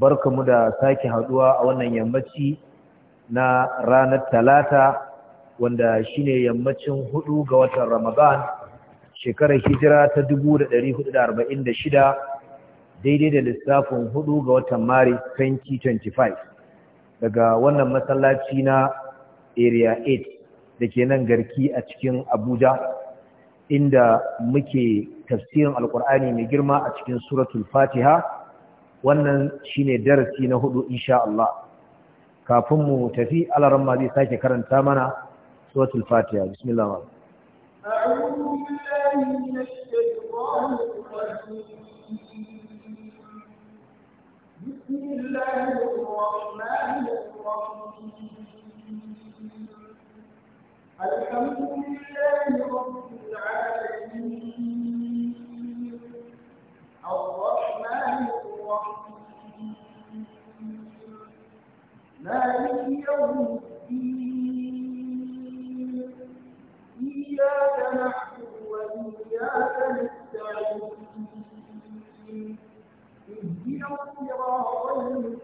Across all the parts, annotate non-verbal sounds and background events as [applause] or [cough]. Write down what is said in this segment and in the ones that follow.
Barka mu da sake haduwa a wannan yammaci na ranar talata wanda shine yammacin hudu ga watan ramadan shekarar hijira ta 1446 daidai da lissafin hudu ga watan mari 2025 daga wannan masallaci na area 8 da ke nan garki a cikin abuja inda muke tafsirin alkur'ani mai girma a cikin suratul fatiha wannan shi ne darasi na hudu insha Allah kafin mu tafi alaran zai sake karanta mana suratul fatiha bismillah a'udhu alhamdulillahi مالك يوم الدين إياك نعبد وإياك نستعين اهدنا الصراط المستقيم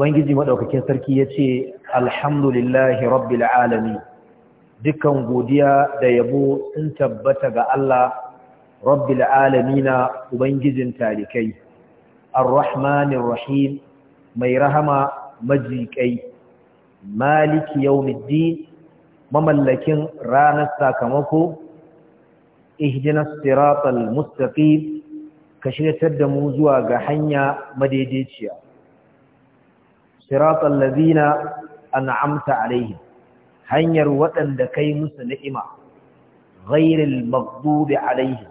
ubangiji madaukakin sarki yace alhamdulillahi rabbil alamin dukkan godiya da yabo sun tabbata ga Allah rabbil na ubangijin tarikai arrahmanir rahim mai rahama majiƙai maliki yawmiddin mamallakin ranar sakamako ihdinas siratal mustaqim ka shirya da mu zuwa ga hanya madaidaiciya siratal ladina an'amta alaihim hanyar waɗanda kai musu ni'ima ghairil maghdubi alaihim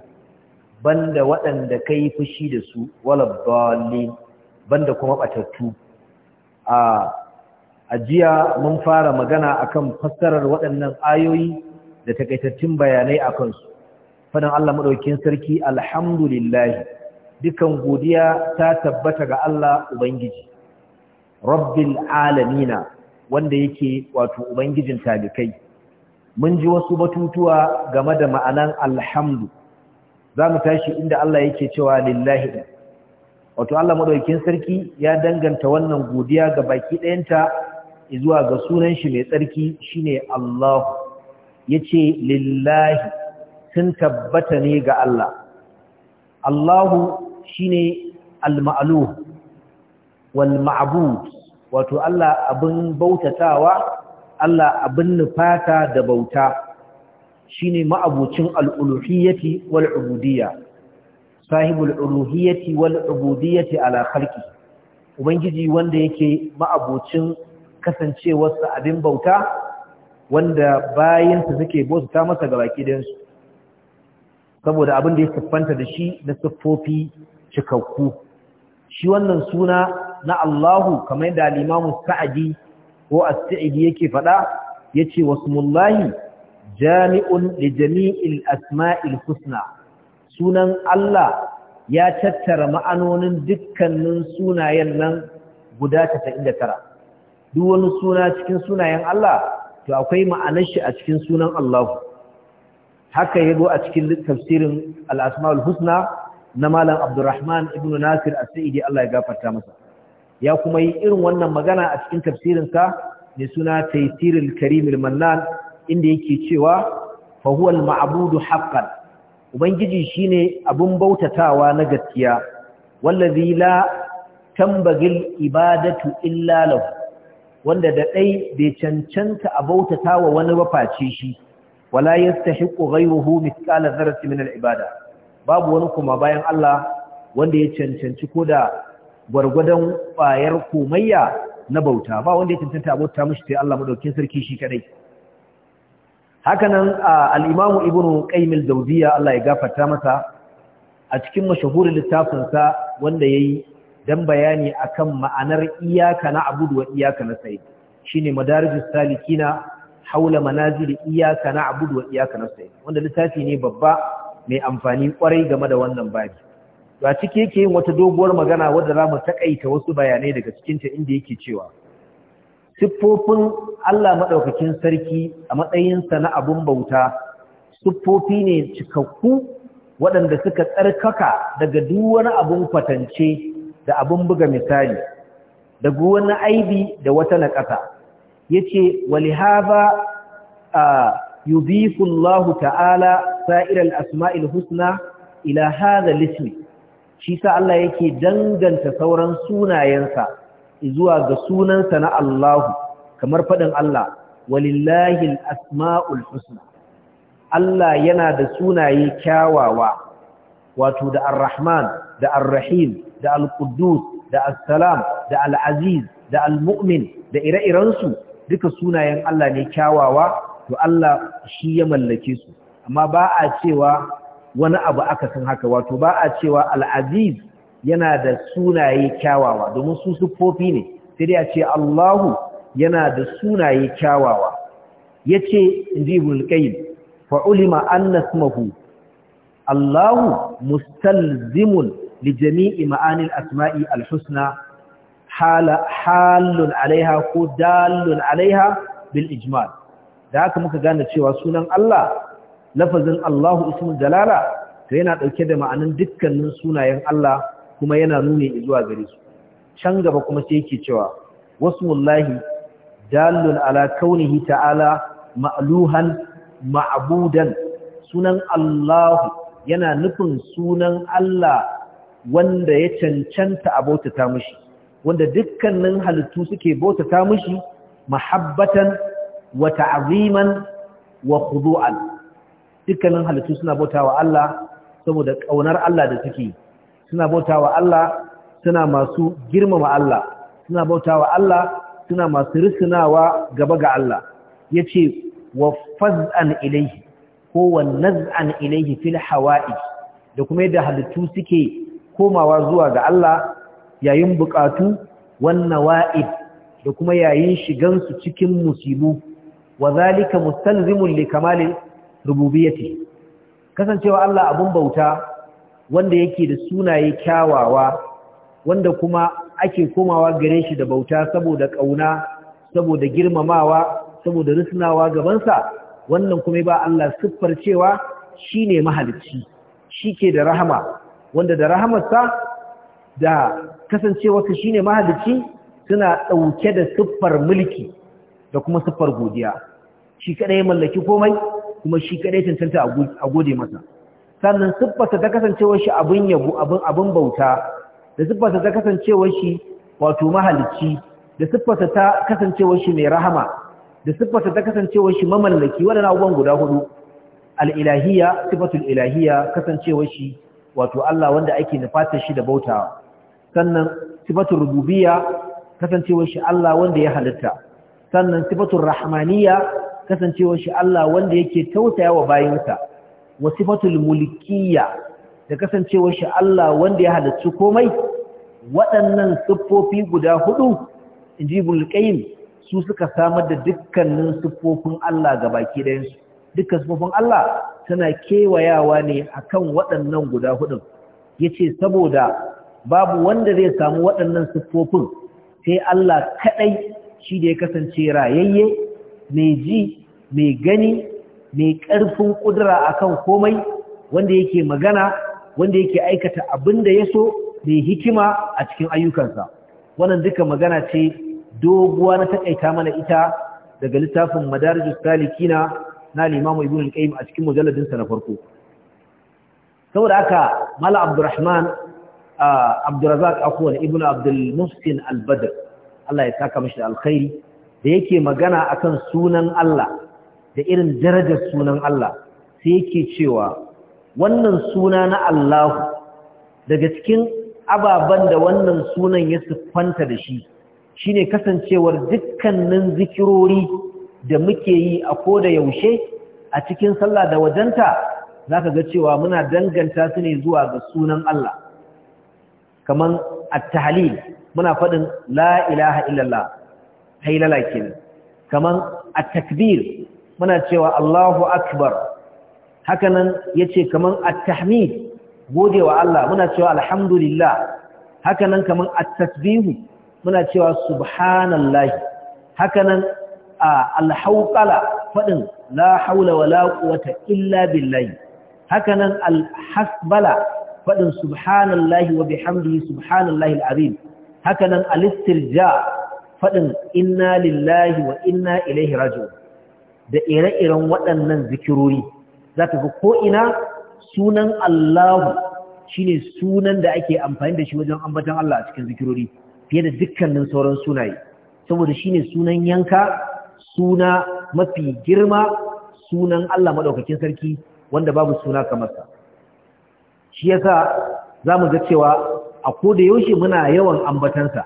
banda waɗanda kai fushi da su wala dallin banda kuma batattu a ajiya mun fara magana akan fassarar waɗannan ayoyi da takaitattun bayanai akan su fadan Allah madaukakin sarki alhamdulillah dukan godiya ta tabbata ga Allah ubangiji rabbil alamina wanda yake wato ubangijin talikai mun ji wasu batutuwa game da ma'anan alhamdu za mu tashi inda Allah yake cewa lillahi wato Allah madaukakin sarki ya danganta wannan godiya ga baki ɗayanta zuwa ga sunan shi mai tsarki shine Allah yace lillahi sun tabbata ne ga Allah Allahu shine al-ma'luh wal wato Allah abin bautatawa Allah abin nufata da bauta shine ma'abucin al-uluhiyyati wal ubudiyya sahibul uluhiyyati wal ubudiyyati ala khalqi ubangiji wanda yake ma'abucin kasancewarsa abin bauta wanda bayinsa suke bauta masa ga dan su saboda abin da ya siffanta da shi na siffofi cikakku shi wannan suna na Allahu kamar da al-Imam Sa'di ko As-Sa'di yake ce yace wasmullahi jami'un li jami'il asma'il husna sunan Allah ya tattara ma'anonin dukkanin sunayen nan guda 99 duk wani suna cikin sunayen Allah to akwai ma'anar shi a cikin sunan Allahu haka yabo a cikin tafsirin al-asma'ul husna na malam Abdulrahman ibn Nasir As-Sa'idi Allah ya gafarta masa ya kuma yi irin wannan magana a cikin tafsirinsa mai suna taisirul karimul mannan inda yake cewa fa Ma'abudu al Ubangiji shi ubangiji shine bautatawa na gaskiya wallazi la tambagil ibadatu illa lahu wanda da dai bai cancanta a bautatawa wani bafaci shi wala yastahiqu ghayruhu mithqala dharratin min al-ibada babu wani kuma bayan Allah wanda ya cancanci ko da. gwargwadon ƙwayar komayya na bauta ba wanda ya cancanta abota mashi sai Allah maɗaukin sarki shi kadai hakanan Al'imamu Ibn Qayyim al Allah ya gafarta masa a cikin mashahurin littafinsa wanda ya yi don bayani akan ma'anar iyaka iyaka na wa shi ne shine saliki salikina haula iyaka na na'budu wa na sai, wanda littafi ne babba mai amfani kwarai game da wannan babi ba ciki yake yin wata doguwar magana wadda za mu taƙaita wasu bayanai daga cikinta inda yake cewa siffofin Allah maɗaukakin sarki a matsayinsa na abun bauta siffofi ne cikakku waɗanda suka tsarkaka daga duk wani abun kwatance da abun buga misali daga wani aibi da wata naƙasa ya ce walihaba a yudifullahu ta'ala sa'irar asma'il husna ila hada lismi shi sa Allah yake danganta sauran sunayensa zuwa ga sunansa na Allahu kamar faɗin Allah walillahi asma'ul husna Allah yana da sunaye kyawawa wato da Ar-Rahman da Ar-Rahim da Al-Quddus da As-Salam da Al-Aziz da Al-Mu'min da ire-irensu duka sunayen Allah ne kyawawa to Allah shi ya mallake su amma ba a cewa wani abu aka san haka wato ba a cewa al'aziz yana da sunaye kyawawa domin su sufofi ne sai dai a ce Allahu yana da sunaye kyawawa yace inji ibn al-qayyim fa Allahu mustalzimun li jami'i ma'anin asmai al-husna halun alaiha ko dalun alaiha bil ijmal da haka muka gane cewa sunan Allah lafazin Allahu ismul jalala to yana dauke da ma'anan dukkanin sunayen Allah kuma yana nuni zuwa gare su can gaba kuma sai yake cewa wasmullahi dallun ala kaunihi ta'ala ma'luhan ma'budan sunan Allahu yana nufin sunan Allah wanda ya cancanta a bautata mushi wanda dukkanin halittu suke bautata mushi mahabbatan wa ta'ziman wa khudu'an dukkanin halittu suna bautawa Allah saboda ƙaunar Allah da suke suna bautawa Allah suna masu girmama Allah suna bautawa Allah suna masu risinawa gaba ga Allah yace wa faz'an ilaihi, ko wa naz'an ilaihi fil hawa'i da kuma yadda halittu suke komawa zuwa ga Allah yayin bukatu wanna wa'id. da kuma yayin shigan su cikin musibu wa zalika mustalzimun li kamalil rububiyyati kasancewa Allah abun bauta wanda yake da sunaye kyawawa wanda kuma ake komawa gare shi da bauta saboda kauna saboda girmamawa saboda risnawa gabansa wannan kuma ba Allah siffar cewa shine mahalicci shike da rahama wanda da rahamar sa da kasancewarsa shine mahalicci suna dauke da siffar mulki da kuma siffar godiya shi kaɗai ya mallaki komai kuma shi kadai tantanta a gode masa sannan siffarsa ta kasancewa shi abin yabo abin abin bauta da siffarsa ta kasancewa shi wato mahalicci da siffarsa ta kasancewa shi mai rahama da siffarsa ta kasancewa shi mamallaki waɗannan abubuwan guda hudu al-ilahiyya sifatul ilahiyya kasancewar shi wato Allah wanda ake nufatar shi da bauta. sannan sifatul rububiyya kasancewa shi Allah wanda ya halitta sannan sifatul rahmaniyya kasancewar shi Allah wanda yake tausaya wa bayinsa wa sifatul mulkiyya da kasancewar shi Allah wanda ya halarci komai waɗannan siffofi guda hudu inji ibn qayyim su suka samar da dukkanin siffofin Allah gabaki ɗayan su dukkan siffofin Allah tana kewayawa ne akan waɗannan guda hudu yace saboda babu wanda zai samu waɗannan siffofin sai Allah kadai shi da ya kasance rayayye mai ji mai gani mai ƙarfin ƙudura akan komai wanda yake magana wanda yake aikata abin da ya so mai hikima a cikin ayyukansa wannan duka magana ce doguwa na takaita mana ita daga littafin madarijus salikina na limamu ibn al-qayyim a cikin mujalladinsa na farko saboda haka mala abdurrahman abdurrazak akwai ibn abdul muhsin al-badr Allah ya saka mishi alkhairi da yake magana akan sunan Allah da irin darajar sunan Allah sai yake cewa wannan suna na Allah daga cikin ababen da wannan sunan ya siffanta da shi shine kasancewar dukkanin zikirori da muke yi a koda yaushe a cikin sallah da wajenta zaka ga cewa muna danganta su ne zuwa ga sunan Allah kaman at-tahlil muna faɗin la ilaha illallah hailala kenan kaman at-takbir muna cewa Allahu akbar hakanan yace kaman at-tahmid wa Allah muna cewa alhamdulillah hakanan kaman at-tasbih muna cewa subhanallahi hakanan al-hawqala fadin la hawla wala quwwata illa billahi hakanan al-hasbala fadin subhanallahi wa bihamdihi subhanallahi al-azim hakanan al-istirja fadin inna lillahi wa inna ilaihi raji'un da ire-iren waɗannan zikirori za ta fi ko'ina sunan Allahu shi ne sunan da ake amfani da shi wajen ambatan Allah a cikin zikirori fiye da dukkanin sauran sunaye saboda shi ne sunan yanka suna mafi girma sunan Allah maɗaukakin sarki wanda babu suna kamarsa shi yasa za mu ga cewa a ko da yaushe muna yawan ambatansa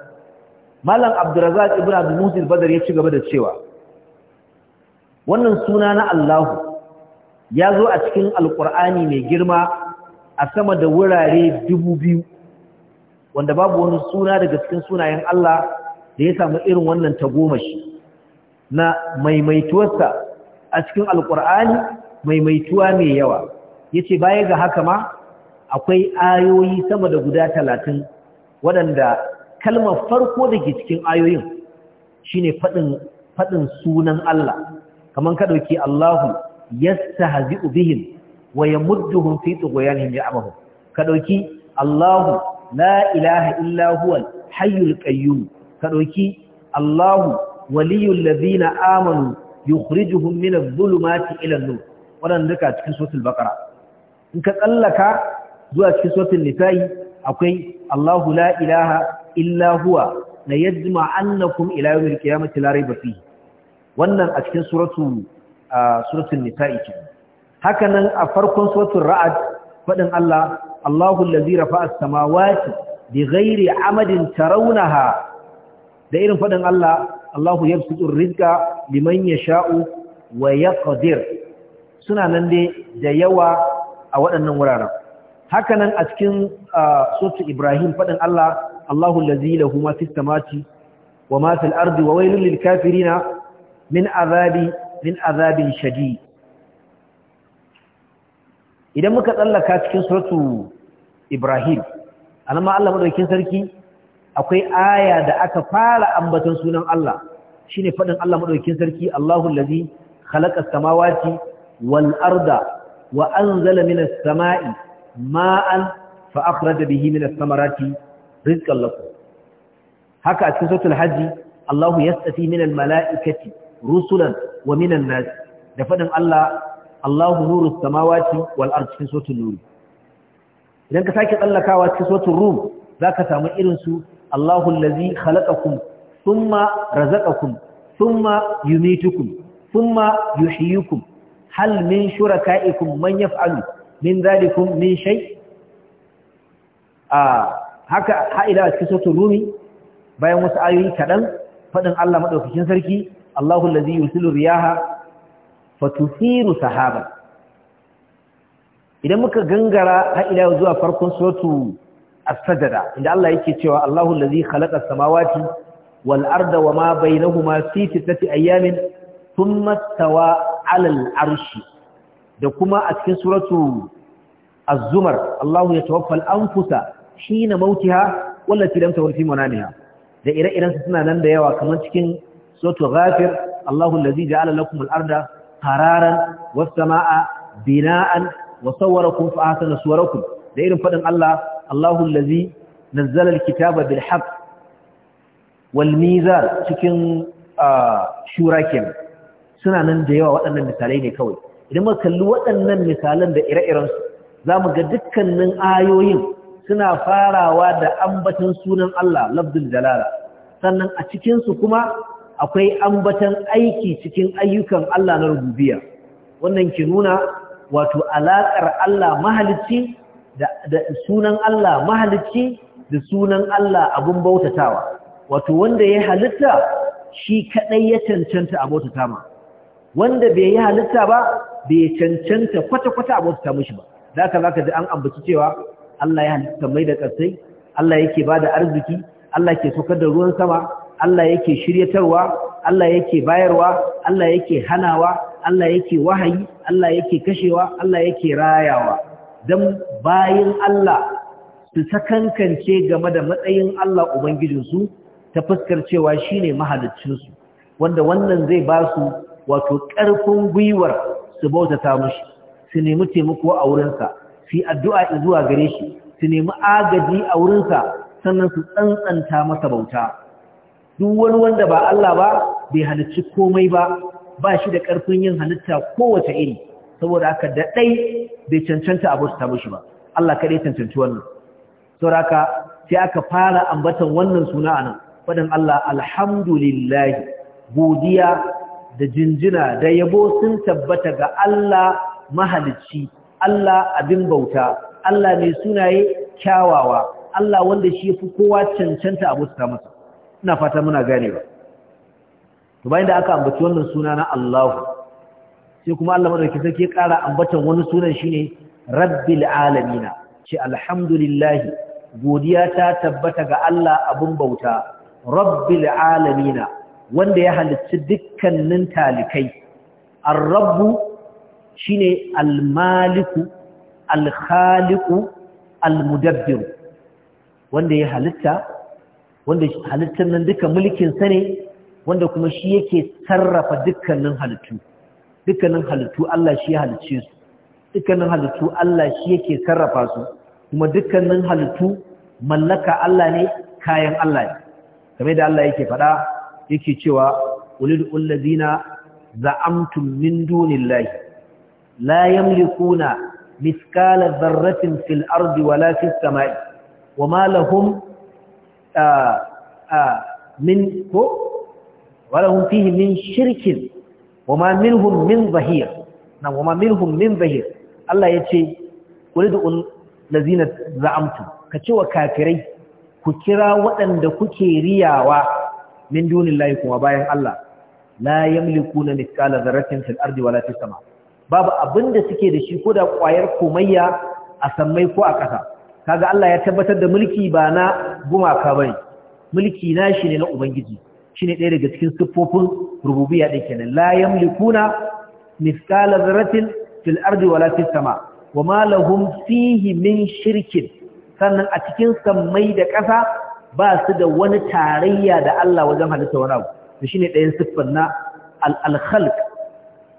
malam abdurazak ibn abdul musil badar ya ci gaba da cewa wannan suna na Allahu ya zo a cikin alkur'ani mai girma a sama da wurare dubu biyu wanda babu wani suna daga cikin sunayen Allah da ya samu irin wannan tagomashi na maimaituwarsa a cikin alkur'ani maimaituwa mai yawa ya ce baya ga haka ma akwai ayoyi sama da guda talatin waɗanda kalmar farko da cikin ayoyin shine faɗin sunan Allah kaman ka dauki Allahu yastahzi'u bihim wa yamudduhum fi tughyanihim ya'mahu ka dauki Allahu la ilaha illa huwa hayyul qayyum ka dauki Allahu waliyul ladina amanu yukhrijuhum min adh-dhulumati ila an-nur wannan duka cikin suratul baqara in ka tsallaka zuwa cikin suratul nisa'i akwai Allahu la ilaha illa huwa la yajma'annakum ila yawmil qiyamati la rayba fihi wannan a cikin suratu suratul nisa'i ce haka nan a farkon suratul ra'ad fadin Allah Allahu allazi rafa'a as-samawati bighairi amadin tarawunaha da irin fadin Allah Allahu yabsutu ar-rizqa liman yasha'u wa yaqdir suna nan dai da yawa a waɗannan wuraren haka nan a cikin suratul Ibrahim fadin Allah Allahu allazi lahu ma fis samawati wa ma fil ardi wa wailul lil kafirina min azabi min azabin shadi idan muka tsallaka cikin suratu ibrahim alama Allah madaukakin sarki akwai aya da aka fara ambaton sunan Allah shine fadin Allah madaukakin sarki Allahu allazi khalaqa samawati wal arda wa anzala minas samai ma'an fa akhraja bihi minas samarati rizqan lakum haka a cikin suratul hajj Allahu yastafi minal mala'ikati rusulan wa minan nas da fadin Allah Allahu nurus samawati wal ard cikin suratul nur idan ka sake tsallakawa cikin suratul rum zaka samu irin su Allahu allazi khalaqakum thumma razaqakum thumma yumitukum thumma yuhyikum hal min shurakaikum man yaf'alu min dhalikum min shay A haka ha'ila cikin suratul rumi bayan wasu ayoyi kadan fadin Allah madaukakin sarki Allahu allazi yusilu riyaha fatusiru sahaba idan muka gangara har ila zuwa farkon suratu as-sajda inda Allah yake cewa Allahu allazi khalaqa as-samawati wal arda wama bainahuma fi sittati ayamin thumma stawa 'ala al-arshi da kuma a cikin suratu az-zumar Allahu yatawaffa al-anfusa hina mautiha wallati lam tawfi manamiha da ire-iren suna nan da yawa kamar cikin suratul ghafir Allahu allazi da lakum al-arda qararan was bina'an wa da irin fadin Allah Allahu allazi nazzala al-kitaba bil cikin shura suna nan da yawa waɗannan misalai ne kawai idan muka kalli waɗannan misalan da ire-iren su zamu ga dukkanin ayoyin suna farawa da ambaton sunan Allah lafzul jalala sannan a cikin su kuma akwai ambatan aiki cikin ayyukan Allah na rububiya wannan ke nuna wato alakar Allah mahalicci da, sunan Allah mahalicci da sunan Allah abun bautatawa wato wanda ya halitta shi kadai ya cancanta a bautata ma wanda bai yi halitta ba bai cancanta kwata-kwata a bautata mishi ba da haka zaka ji an ambaci cewa Allah ya halitta mai da ƙasai Allah yake bada arziki Allah ke saukar da ruwan sama Allah yake shiryatarwa Allah yake bayarwa Allah yake hanawa Allah yake wahayi Allah yake kashewa Allah yake rayawa dan bayin Allah su sakankance game da matsayin Allah ubangijinsu ta fuskar cewa shine mahaliccinsu wanda wannan zai ba su wato ƙarfin gwiwar su bautata mushi su nemi taimako a wurinsa su yi addu'a zuwa gare shi su nemi agaji a wurinsa sannan su tsantsanta masa bauta duk wani wanda ba Allah ba bai halicci komai ba ba shi da ƙarfin yin halitta kowace iri saboda haka da ɗai bai cancanta abu ta mushi ba Allah kaɗai cancanci wannan saboda haka sai aka fara ambatan wannan suna a nan faɗin Allah alhamdulillahi godiya da jinjina da yabo sun tabbata ga Allah mahalicci Allah abin bauta Allah mai sunaye kyawawa Allah wanda shi fi kowa cancanta abu ta masa ina fata muna ganewa to bayan da aka ambaci wannan suna na Allahu sai kuma Allah madauki sarki ƙara ambatan wani sunan shine Rabbil Alamin ce alhamdulillah godiya ta tabbata ga Allah abun bauta Rabbil Alamin wanda ya halicci dukkanin talikai ar shine Al-Maliku Al-Khaliqu Al-Mudabbir wanda ya halitta wanda halittar nan duka mulkinsa ne wanda kuma shi yake sarrafa dukkanin halittu dukkanin halittu Allah shi ya halicce su dukkanin halittu Allah shi yake sarrafa su kuma dukkanin halittu mallaka Allah ne kayan Allah ne kamar da Allah yake faɗa yake cewa ulil ulladina za'amtum min dunillahi la yamlikuna mithqala dharratin fil ardi wala fis samai wama lahum min ko ولهم فيه من شرك وما منهم من ظهير نعم وما ku من ظهير الله يتي ولدوا الذين زعمتم كتوا كافرين كترا waɗanda kuke riyawa min dunillahi kuma bayan Allah la yamlikuna mithqala dharratin fil ardi wala fis sama babu abinda suke da shi ko da ƙwayar komayya a sammai ko a ƙasa kaga Allah ya tabbatar da mulki ba na gumaka bane mulki na shi ne na ubangiji shine ɗaya daga cikin siffofin rububiyya ɗin kenan la yamlikuna mithqala dharratin fil ardi wala fis sama wama lahum fihi min shirkin sannan a cikin sammai da ƙasa ba su da wani tarayya da Allah wajen halitta wani abu to shine ɗayan siffar na al-khalq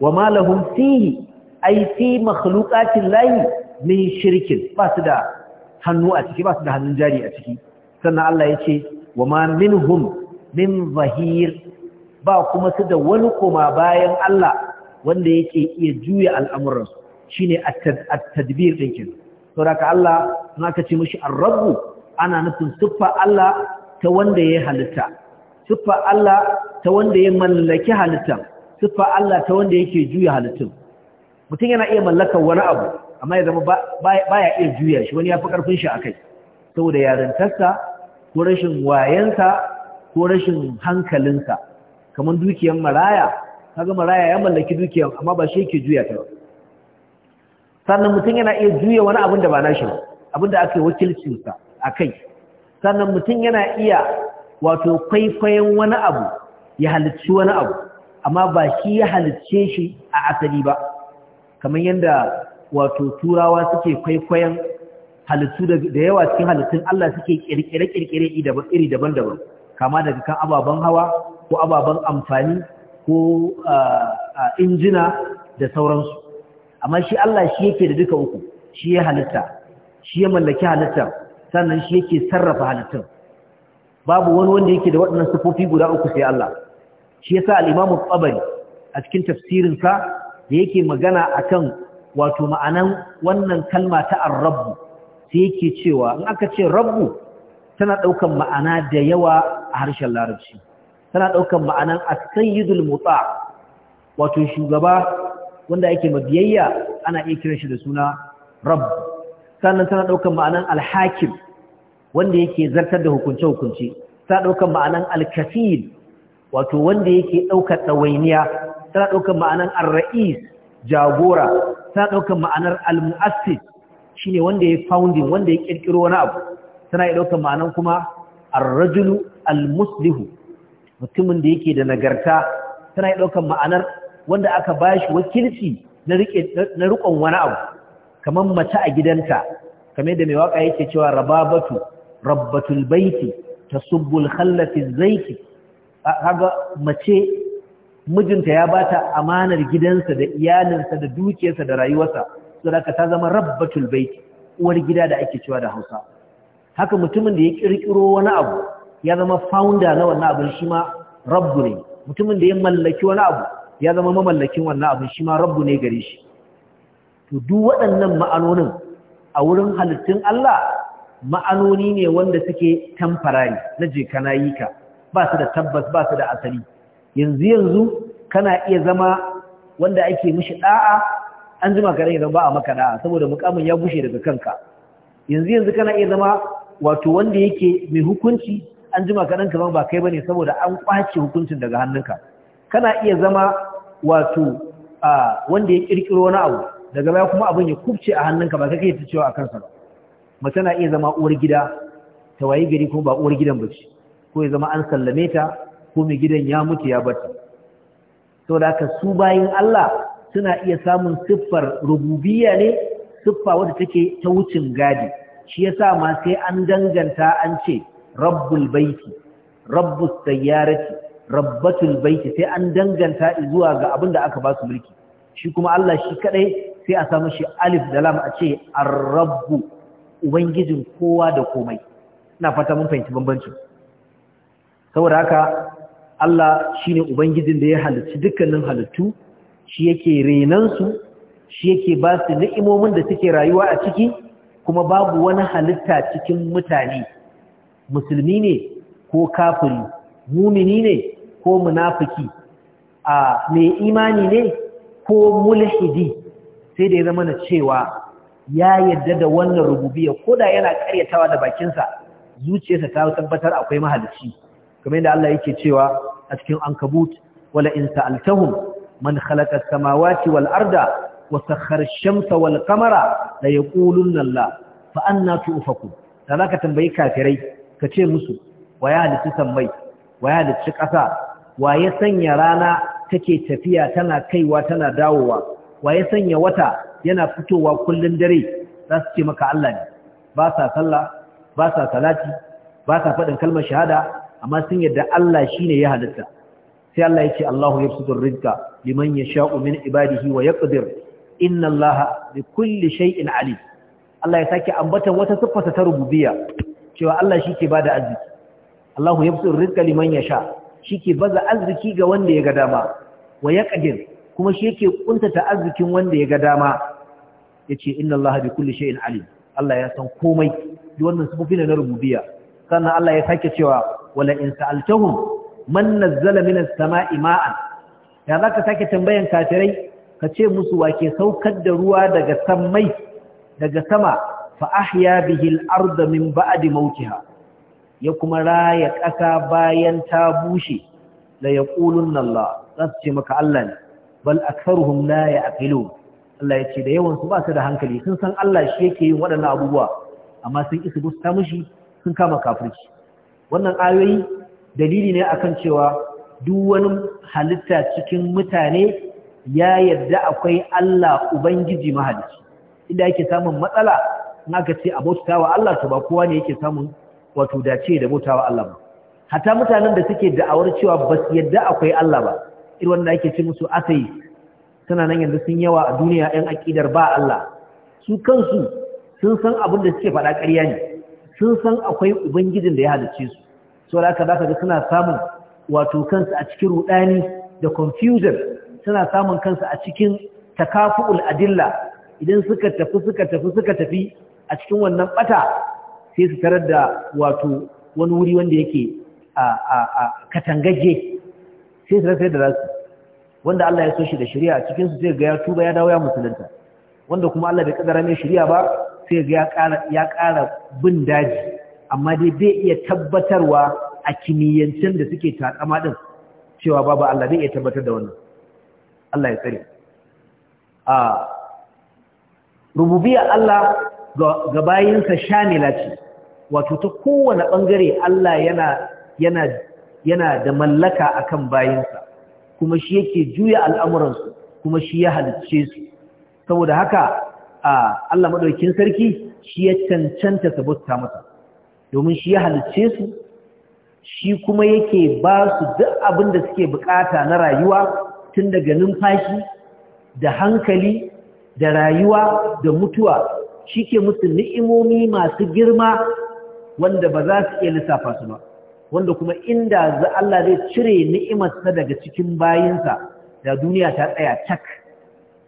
wama lahum fihi ay fi makhluqatin lahi min shirkin ba su da hannu a ciki ba su da hannun jari a ciki sannan Allah ya ce wa ma minhum min zahir ba kuma su da wani koma bayan Allah wanda yake iya juya al'amuran su shine at-tadbir din kin saboda Allah na ka ce mishi ar-rabb ana nufin siffa Allah ta wanda ya halitta siffa Allah ta wanda ya mallaki halitta siffa Allah ta wanda yake juya halittun mutum yana iya mallakar wani abu amma ya zama ya iya juya shi wani ya fi ƙarfin shi a kai saboda yarantarsa ko rashin wayansa ko rashin hankalinsa kamar dukiyar maraya kaga maraya ya mallaki dukiyar amma ba shi yake juya ta sannan mutum yana iya juya wani abin da ba nashi ba abin da aka yi wakilcinsa a kai sannan mutum yana iya wato kwaikwayon wani abu ya halicci wani abu amma ba shi ya halicce shi a asali ba kamar yadda wato turawa suke kwaikwayon halittu da yawa cikin halittun Allah suke kirkire-kirkire iri daban-daban kama daga kan ababen hawa ko ababen amfani ko injina da sauransu amma shi Allah shi yake da duka uku shi ya halitta shi ya mallaki halitta sannan shi yake sarrafa halittun babu wani wanda yake da waɗannan sufofi guda uku sai Allah shi yasa al-Imam Tabari a cikin tafsirinsa da yake magana akan wato ma'anan wannan kalma ta ar sai yake cewa in aka ce rabbu tana daukan ma'ana da yawa a harshen larabci tana daukan ma'anan as-sayyidul muta wato shugaba wanda yake mabiyayya ana iya kiran shi da suna rabb sannan tana daukan ma'anan al-hakim wanda yake zartar da hukunce hukunci tana daukan ma'anan al-kafil wato wanda yake daukar dawainiya tana daukan ma'anan ar-ra'is jagora ta ɗaukar ma'anar al-mu'assis shine wanda ya founding wanda ya ƙirƙiro wani abu tana iya ɗaukar ma'anar kuma arrajulu rajulu al-muslihu mutumin da yake da nagarta tana iya ɗaukar ma'anar wanda aka bashi wakilci na na riƙon wani abu kamar mace a gidanta kamar da mai waka yake cewa rababatu rabbatul baiti subbul khallati zaiki kaga mace mijinta ya ba ta amanar gidansa da iyalinsa da dukiyarsa da rayuwarsa saboda ta zama rabbatul baiti uwar gida da ake cewa da Hausa haka mutumin da ya kirkiro wani abu ya zama founder na wannan abin shi ma rabbu ne mutumin da ya mallaki wani abu ya zama mamallakin wannan abin shi ma rabbu ne gare shi to duk waɗannan ma'anonin a wurin halittun Allah ma'anoni ne wanda suke temporary na jikanayika ba su da tabbas ba su da asali yanzu yanzu kana iya zama wanda ake mishi da'a an jima ka rai ba a maka da'a saboda mukamin ya gushe daga kanka yanzu yanzu kana iya zama wato wanda yake mai hukunci an jima ka ranka ba kai bane saboda an kwace hukuncin daga hannunka kana iya zama wato wanda ya kirkiro wani abu daga baya kuma abin ya kubce a hannunka ba kake ta cewa a kansa ba mace na iya zama uwar gida ta waye gari kuma ba uwar gidan ba ce ko ya zama an sallame ta ko mai gidan ya mutu ya bata Sau da aka su bayan Allah suna iya samun siffar rububiya ne siffa wadda take ta wucin gadi shi ya sa ma sai an danganta an ce rabbul baiti rabbus sayyarati rabbatul baiti sai an danganta zuwa ga abin da aka ba su mulki shi kuma Allah shi kaɗai sai a samu shi alif da lam a ce ar-rabbu ubangijin kowa da komai ina fata mun fahimci bambancin saboda haka Allah shi ne ubangijin da ya halicci dukkanin halittu shi yake renansu shi yake ba su ni'imomin da suke rayuwa a ciki kuma babu wani halitta cikin mutane musulmi ne ko kafiri mumini ne ko munafiki a mai imani ne ko mulhidi sai da ya zama na cewa ya yadda da wannan rububiya ko da yana karyatawa da bakinsa zuciyarsa ta tabbatar akwai mahalicci kamar yadda Allah yake cewa a cikin ankabut wala in sa'altahum man khalaqa as-samawati wal arda wa sakhkhara ash-shamsa wal qamara la yaqulunna Allah fa anna tu'fakun da zaka tambayi kafirai ka ce musu waya halitta sammai waya halitta ƙasa waye sanya rana take tafiya tana kaiwa tana dawowa waye sanya wata yana fitowa kullun dare za su ce maka Allah ne ba sa sallah ba sa salati ba sa faɗin kalmar shahada amma sun yadda Allah shi ne ya halitta sai Allah ya ce Allahu ya yabsutur rizqa liman ya yasha'u min ibadihi wa yaqdir inna Allaha bikulli shay'in alim Allah ya sake ambatan wata siffarsa ta rububiyya cewa Allah shi ke bada arziki Allahu ya yabsutur rizqa liman ya yasha shike baza arziki ga wanda ya ga dama wa yaqdir kuma shi yake kuntata arzikin wanda ya ga dama yace inna Allaha bikulli shay'in alim Allah ya san komai duk wannan sifofi na rububiyya sannan Allah ya sake cewa wala in sa'altahum man nazzala minas sama'i ma'an ya zaka sake tambayan kafirai ka ce musu wake saukar da ruwa daga sammai daga sama fa ahya bihi al-ardh min ba'di mawtiha ya kuma raya ƙasa bayan ta bushe la yaqulunna Allah zasu ce maka Allah ne bal aktharuhum la ya'qilun Allah ya ce da yawan su ba su da hankali sun san Allah shi yake yin waɗannan abubuwa amma sun isa gusta mushi sun kama kafirci wannan ayoyi dalili ne akan cewa duk wani halitta cikin mutane ya yarda akwai Allah ubangiji mahalicci inda yake samun matsala in aka ce a bautawa Allah to ba kowa ne yake samun wato dace da bautawa Allah ba hatta mutanen da suke da'awar cewa ba su yarda akwai Allah ba irin wanda ake ce musu atai suna nan yanzu sun yawa a duniya 'yan akidar ba Allah su kansu sun san abin da suke faɗa ƙarya ne sun san akwai ubangijin da ya halice su so da aka zaka ga suna samun wato kansu a cikin rudani da confusion suna samun kansu a cikin takafu'ul adilla idan suka tafi suka tafi suka tafi a cikin wannan bata sai su tarar da wato wani wuri wanda yake a a a katangaje sai su rasa da rasu wanda Allah ya so shi da shari'a cikin su sai ga ya tuba ya dawo ya musulunta wanda kuma Allah bai kadara mai shari'a ba sai ya ƙara bin daji amma dai bai iya tabbatarwa a kimiyyancin da suke takama din cewa babu Allah bai iya tabbatar da wannan Allah ya tsare a Allah ga bayinsa shamila ce wato ta kowane ɓangare Allah yana da mallaka akan bayinsa kuma shi yake juya al'amuransu kuma shi ya halicce su saboda haka a Allah madaukin sarki shi ya cancanta sabuta mata masa domin shi ya halicce su shi kuma yake ba su duk abin da suke bukata na rayuwa tun daga numfashi da hankali da rayuwa da mutuwa shi ke musu ni'imomi masu girma wanda ba za su iya lissafa su ba wanda kuma inda za Allah zai cire ni'imarsa daga cikin bayinsa da duniya ta tsaya cak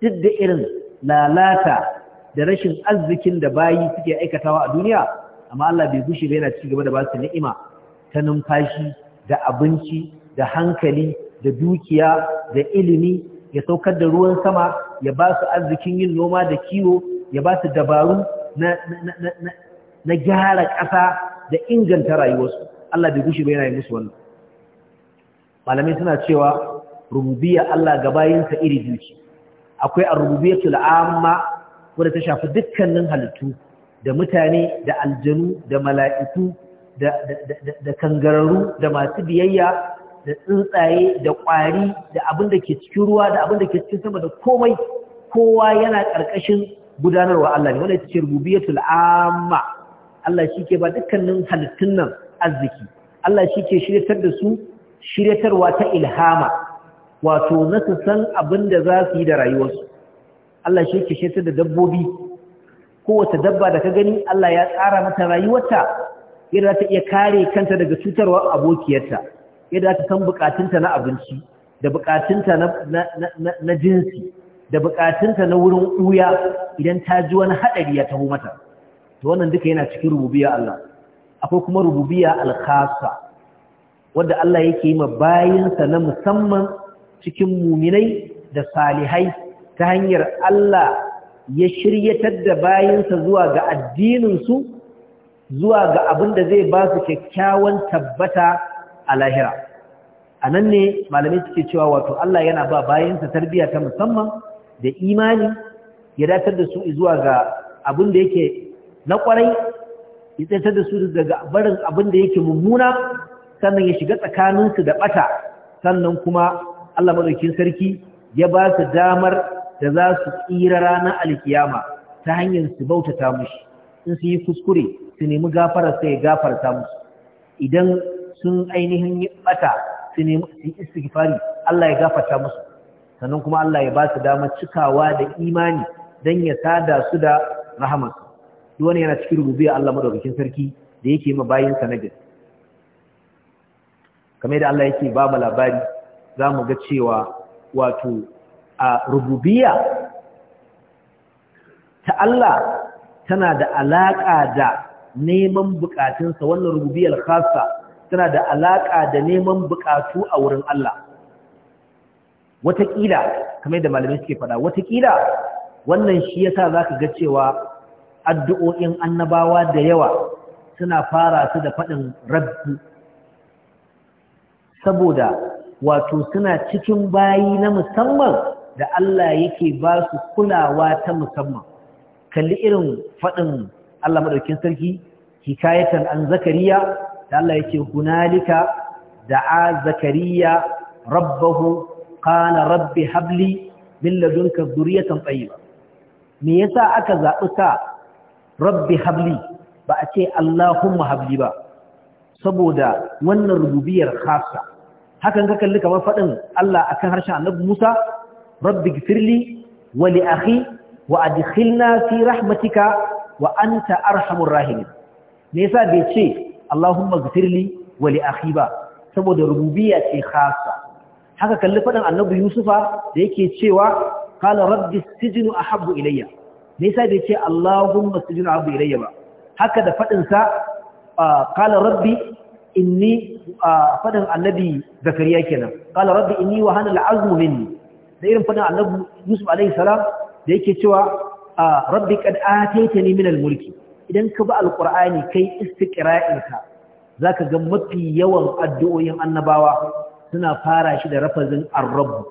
duk da irin lalata da rashin arzikin da bayi suke aikatawa a duniya amma Allah bai gushi ba yana ci gaba da ba su ni'ima ta numfashi da abinci da hankali da dukiya da ilimi ya saukar da ruwan sama ya ba su arzikin yin noma da kiwo ya ba su dabaru na, na gyara ƙasa da inganta rayuwarsu Allah bai gushi ba yana yi musu wannan malamai suna cewa rububiyya Allah ga bayinsa iri biyu akwai a rububiyyatul amma wadda ta shafi dukkanin halittu da mutane da aljanu da mala'iku da kangararru da masu biyayya da tsuntsaye da ƙwari da abin da ke cikin ruwa da abin da ke cikin sama da komai kowa yana ƙarƙashin gudanarwa Allah ne wanda ita ce rububiyatul amma Allah shi ke ba dukkanin halittun nan arziki Allah shi ke shiryatar da su shiryatarwa ta ilhama wato na su san abin da za su yi da rayuwarsu Allah shi ke shetar da dabbobi kowace dabba da ka gani Allah ya tsara mata rayuwarta yadda ta iya kare kanta daga cutarwar abokiyarta yadda ta san bukatunta na abinci da bukatunta na jinsi da bukatunta na wurin ɓuya idan ta ji wani haɗari ya taho mata to wannan duka yana cikin rububiya Allah akwai kuma rububiya alkhasa wanda Allah yake yi ma bayinsa na musamman cikin muminai da salihai ta hanyar Allah ya shiryatar da bayansa zuwa ga addininsu zuwa ga abin da zai ba su kyakkyawan tabbata a lahira a nan ne malamai suke cewa wato Allah yana ba bayinsa tarbiyya ta musamman da imani ya datar da su zuwa ga abin da yake na kwarai ya tsaitar da su daga barin abin da yake mummuna sannan ya shiga tsakaninsu da ɓata, sannan kuma Allah madaukin sarki ya ba su damar da za su tsira ranar alkiyama ta hanyar su bautata mushi in su yi kuskure su nemi gafara sai ya gafarta musu idan sun ainihin yi bata su nemi su istighfari Allah ya gafarta musu sannan kuma Allah ya ba su damar cikawa da imani dan ya sada su da rahama duk wani yana cikin rububiyar Allah madaukakin sarki da yake ma bayin sa na gari kamar da Allah yake ba mu labari za mu ga cewa wato a rububiya ta Allah tana da alaƙa da neman bukatunsa wannan rububiyar khassa tana da alaƙa da neman buƙatu a wurin Allah wataƙila kamar da malamai suke faɗa wataƙila wannan shi yasa zaka ga cewa addu'o'in annabawa da yawa suna fara su da faɗin rabbi saboda wato suna cikin bayi na musamman da Allah yake ba su kulawa ta musamman kalli irin faɗin Allah maɗaukin sarki hikayatan an zakariya da Allah yake hunalika da'a zakariya rabbahu qala rabbi habli min ladunka dhurriyatan tayyiba me yasa aka zaɓi ta rabbi habli ba a ce allahumma habli ba saboda wannan rububiyar khassa hakan ka kalli kamar faɗin Allah akan harshen Annabi Musa rabbi gfirli wa li akhi wa adkhilna fi rahmatika wa anta arhamur rahimin me yasa bai ce Allahumma gfirli wa li ba saboda rububiyya ce khassa haka kalli fadan annabi Yusufa da yake cewa qala rabbi sijnu ahabbu ilayya me yasa bai ce Allahumma sijnu ahabbu ilayya ba haka da fadin sa qala rabbi inni fadan annabi zakariya kenan qala rabbi inni wa hana al'azmu minni da irin faɗin annabi yusuf alaihi salam da yake cewa rabbi qad ataytani min almulki mulki idan ka bi alqur'ani kai istiqra'inka zaka ga mafi yawan addu'o'in annabawa suna fara shi da rafazin ar-rabb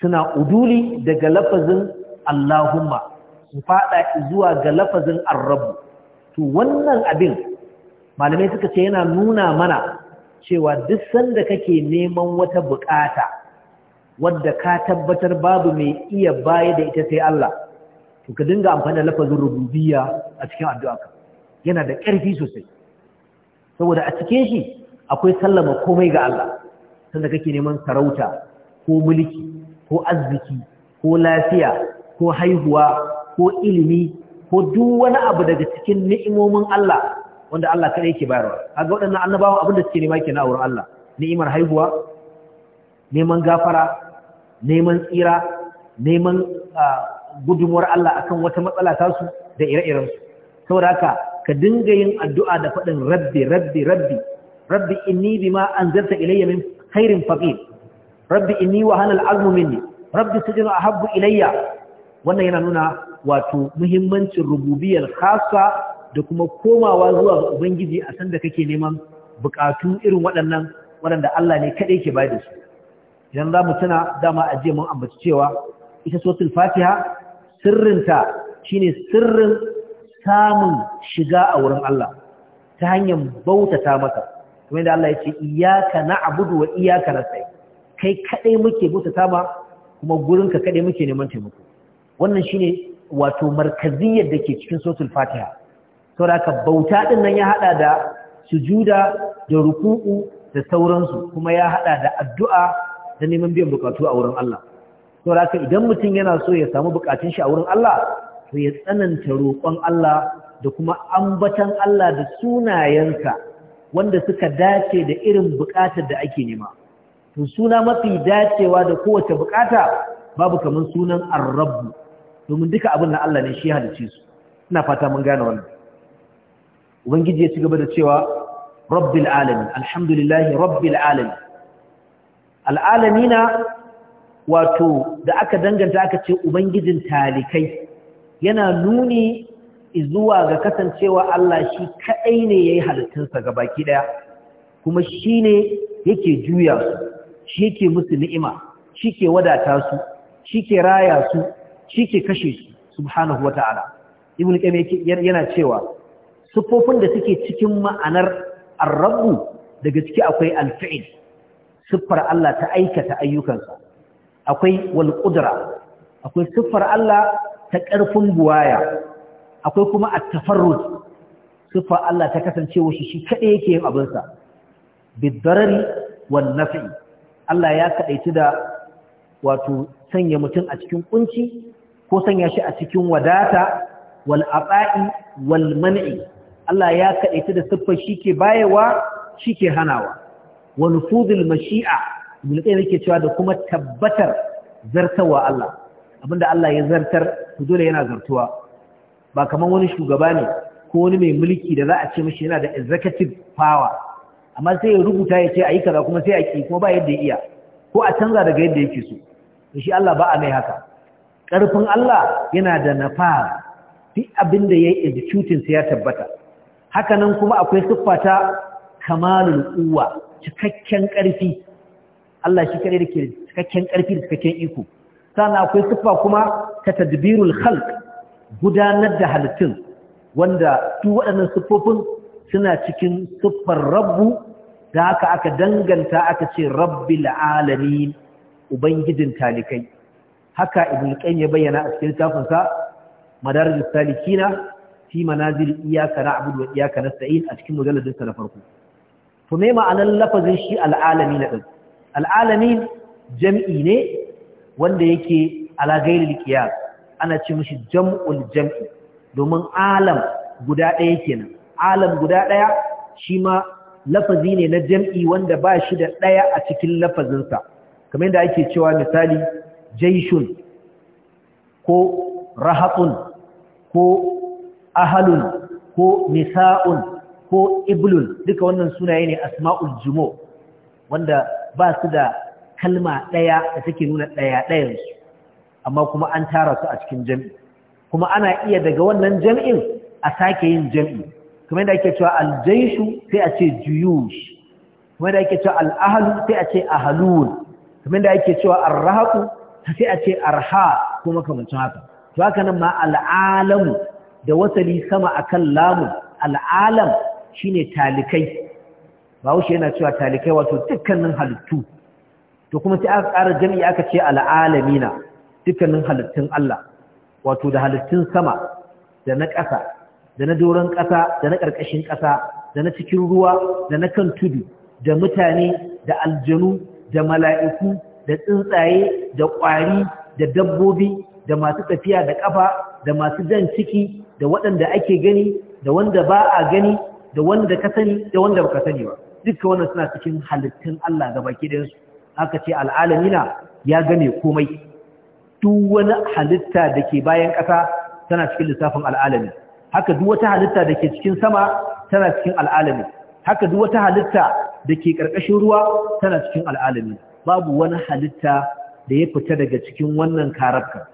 suna uduli daga lafazin allahumma su fada zuwa ga lafazin ar-rabb to wannan abin malamai suka ce yana nuna mana cewa duk sanda kake neman wata bukata wadda ka tabbatar babu mai iya baya da ita sai Allah to ka dinga amfani da lafazin rububiyya a cikin addu'a addu'arka yana da ƙarfi sosai saboda a cikin shi akwai sallama komai ga Allah sanda kake neman sarauta ko mulki ko arziki ko lafiya ko haihuwa ko ilimi ko duk wani abu daga cikin ni'imomin Allah wanda Allah kada yake bayarwa kaga waɗannan annabawa abin da suke nema kenan a wurin Allah ni'imar haihuwa neman gafara neman tsira neman ah, gudunmuwar Allah akan wata matsala ta su da ire-iren su saboda haka ka dinga yin addu'a da faɗin rabbi rabbi rabbi rabbi inni bima anzalta ilayya min khairin faqir rabbi inni wa hanal azmu minni rabbi sujinu ahabbu ilayya wannan yana nuna wato muhimmancin rububiyar khassa da kuma komawa zuwa ga ubangiji a da kake neman bukatu irin waɗannan waɗanda Allah ne kaɗai ke bayar da su idan za mu tuna dama a mun ambaci cewa ita sotul fatiha sirrinta shine sirrin samun shiga a wurin Allah ta hanyar bautata masa kuma idan Allah ya ce iyaka na'budu wa iyaka nasta'in kai kadai muke bautata ma kuma gurinka kadai muke neman taimako wannan shine wato markaziyar da ke cikin sotul fatiha saboda ka bauta din nan ya hada da sujuda da ruku'u da sauransu kuma ya hada da addu'a na neman biyan bukatu a wurin Allah to aka idan mutum yana so ya samu bukatun shi a wurin Allah to ya tsananta roƙon Allah da kuma ambatan Allah da sunayensa wanda suka dace da irin bukatar da ake nema to suna mafi dacewa da kowace bukata babu kamar sunan ar rabbu domin duka abin da Allah ne shi halice su ina fata mun gane wannan ubangiji ya ci gaba da cewa rabbil alamin alhamdulillahi rabbil alamin al'alamina wato da aka danganta aka ce ubangijin talikai yana nuni zuwa ga kasancewa Allah shi kaɗai ne ya yi halittunsa ga baki ɗaya kuma shi ne yake juya su shi yake musu ni'ima shi ke wadata su shi ke raya su shi ke kashe su subhanahu wata'ala ibn qayyim yana cewa sufofin da suke cikin ma'anar ar-rabb daga ciki akwai al-fi'l siffar Allah ta aikata ayyukansa akwai wal qudra akwai siffar Allah ta ƙarfin buwaya akwai kuma at-tafarrud siffar Allah ta kasancewa shi shi kade yake yin abin sa bidarari wan naf'i Allah ya kadaici da wato sanya mutum a cikin kunci ko sanya shi a cikin wadata wal aba'i wal man'i Allah ya kadaici da siffar shi ke bayewa shi ke hanawa wa nufudul mashi'a ibn qayyim yake cewa da kuma tabbatar zartawa Allah abinda Allah ya zartar to dole yana zartuwa ba kaman wani shugaba ne ko wani mai mulki da za a ce mishi yana da executive power amma sai ya rubuta ya ce ayi kaza kuma sai a ki kuma ba yadda ya iya ko a canza daga yadda yake so to shi Allah ba a mai haka karfin Allah yana da nafa duk abinda yayi executing sai ya tabbata haka nan kuma akwai siffata ta kamalul quwwa cikakken ƙarfi Allah shi kare da ke cikakken ƙarfi da cikakken iko sannan akwai siffa kuma ta tadbirul khalq gudanar da halittun wanda su waɗannan siffofin suna cikin siffar rabbu da haka aka danganta aka ce rabbil alamin ubangijin talikai haka ibn qayyim ya bayyana a cikin littafin sa madarijus salikina fi manazil iyyaka na'budu wa iyyaka nasta'in a cikin mujalladin sa na farko to me ma'anar lafazin shi al'alami na ɗin al'alami jam'i ne wanda yake alagairi likiya ana ce mashi jam'ul jam'i domin alam guda ɗaya kenan alam guda ɗaya shi ma lafazi ne na jam'i wanda ba shi da ɗaya a cikin lafazinsa kamar yadda ake cewa misali jaishun ko rahatun ko ahalun ko nisa'un ko iblun duka wannan sunaye ne asma'ul jumo wanda ba su da kalma ɗaya da take nuna ɗaya ɗayansu amma kuma an tara su a cikin jam'i kuma ana iya daga wannan jami'in a sake yin jam'i kuma yadda ake cewa Aljaisu sai a ce juyush kuma yadda ake cewa al'ahalu sai a ce ahalun kuma yadda ake cewa arhaku sai a ce arha kuma kamancin haka to haka nan ma al'alamu da wasali sama akan lamu al'alam shine talikai bahaushe yana cewa talikai wato dukkanin halittu to kuma sai aka ƙara jami'a aka ce al'alamina dukkanin halittun Allah wato da halittun sama da na ƙasa da na doron ƙasa da na ƙarƙashin ƙasa da na cikin ruwa da na kan tudu da mutane da aljanu da mala'iku da tsuntsaye da ƙwari da dabbobi da masu tafiya da ƙafa da masu jan ciki da waɗanda ake gani da wanda ba a gani da wanda ka sani da wanda baka sani ba dukkan wannan suna cikin halittun Allah ga baki ɗayan su aka ce al'alamina ya gane komai duk wani halitta da ke bayan ƙasa tana cikin lissafin al'alami haka duk wata halitta da ke cikin sama tana cikin al'alami haka duk wata halitta da ke ƙarƙashin ruwa tana cikin al'alami babu wani halitta da ya fita daga cikin wannan karakka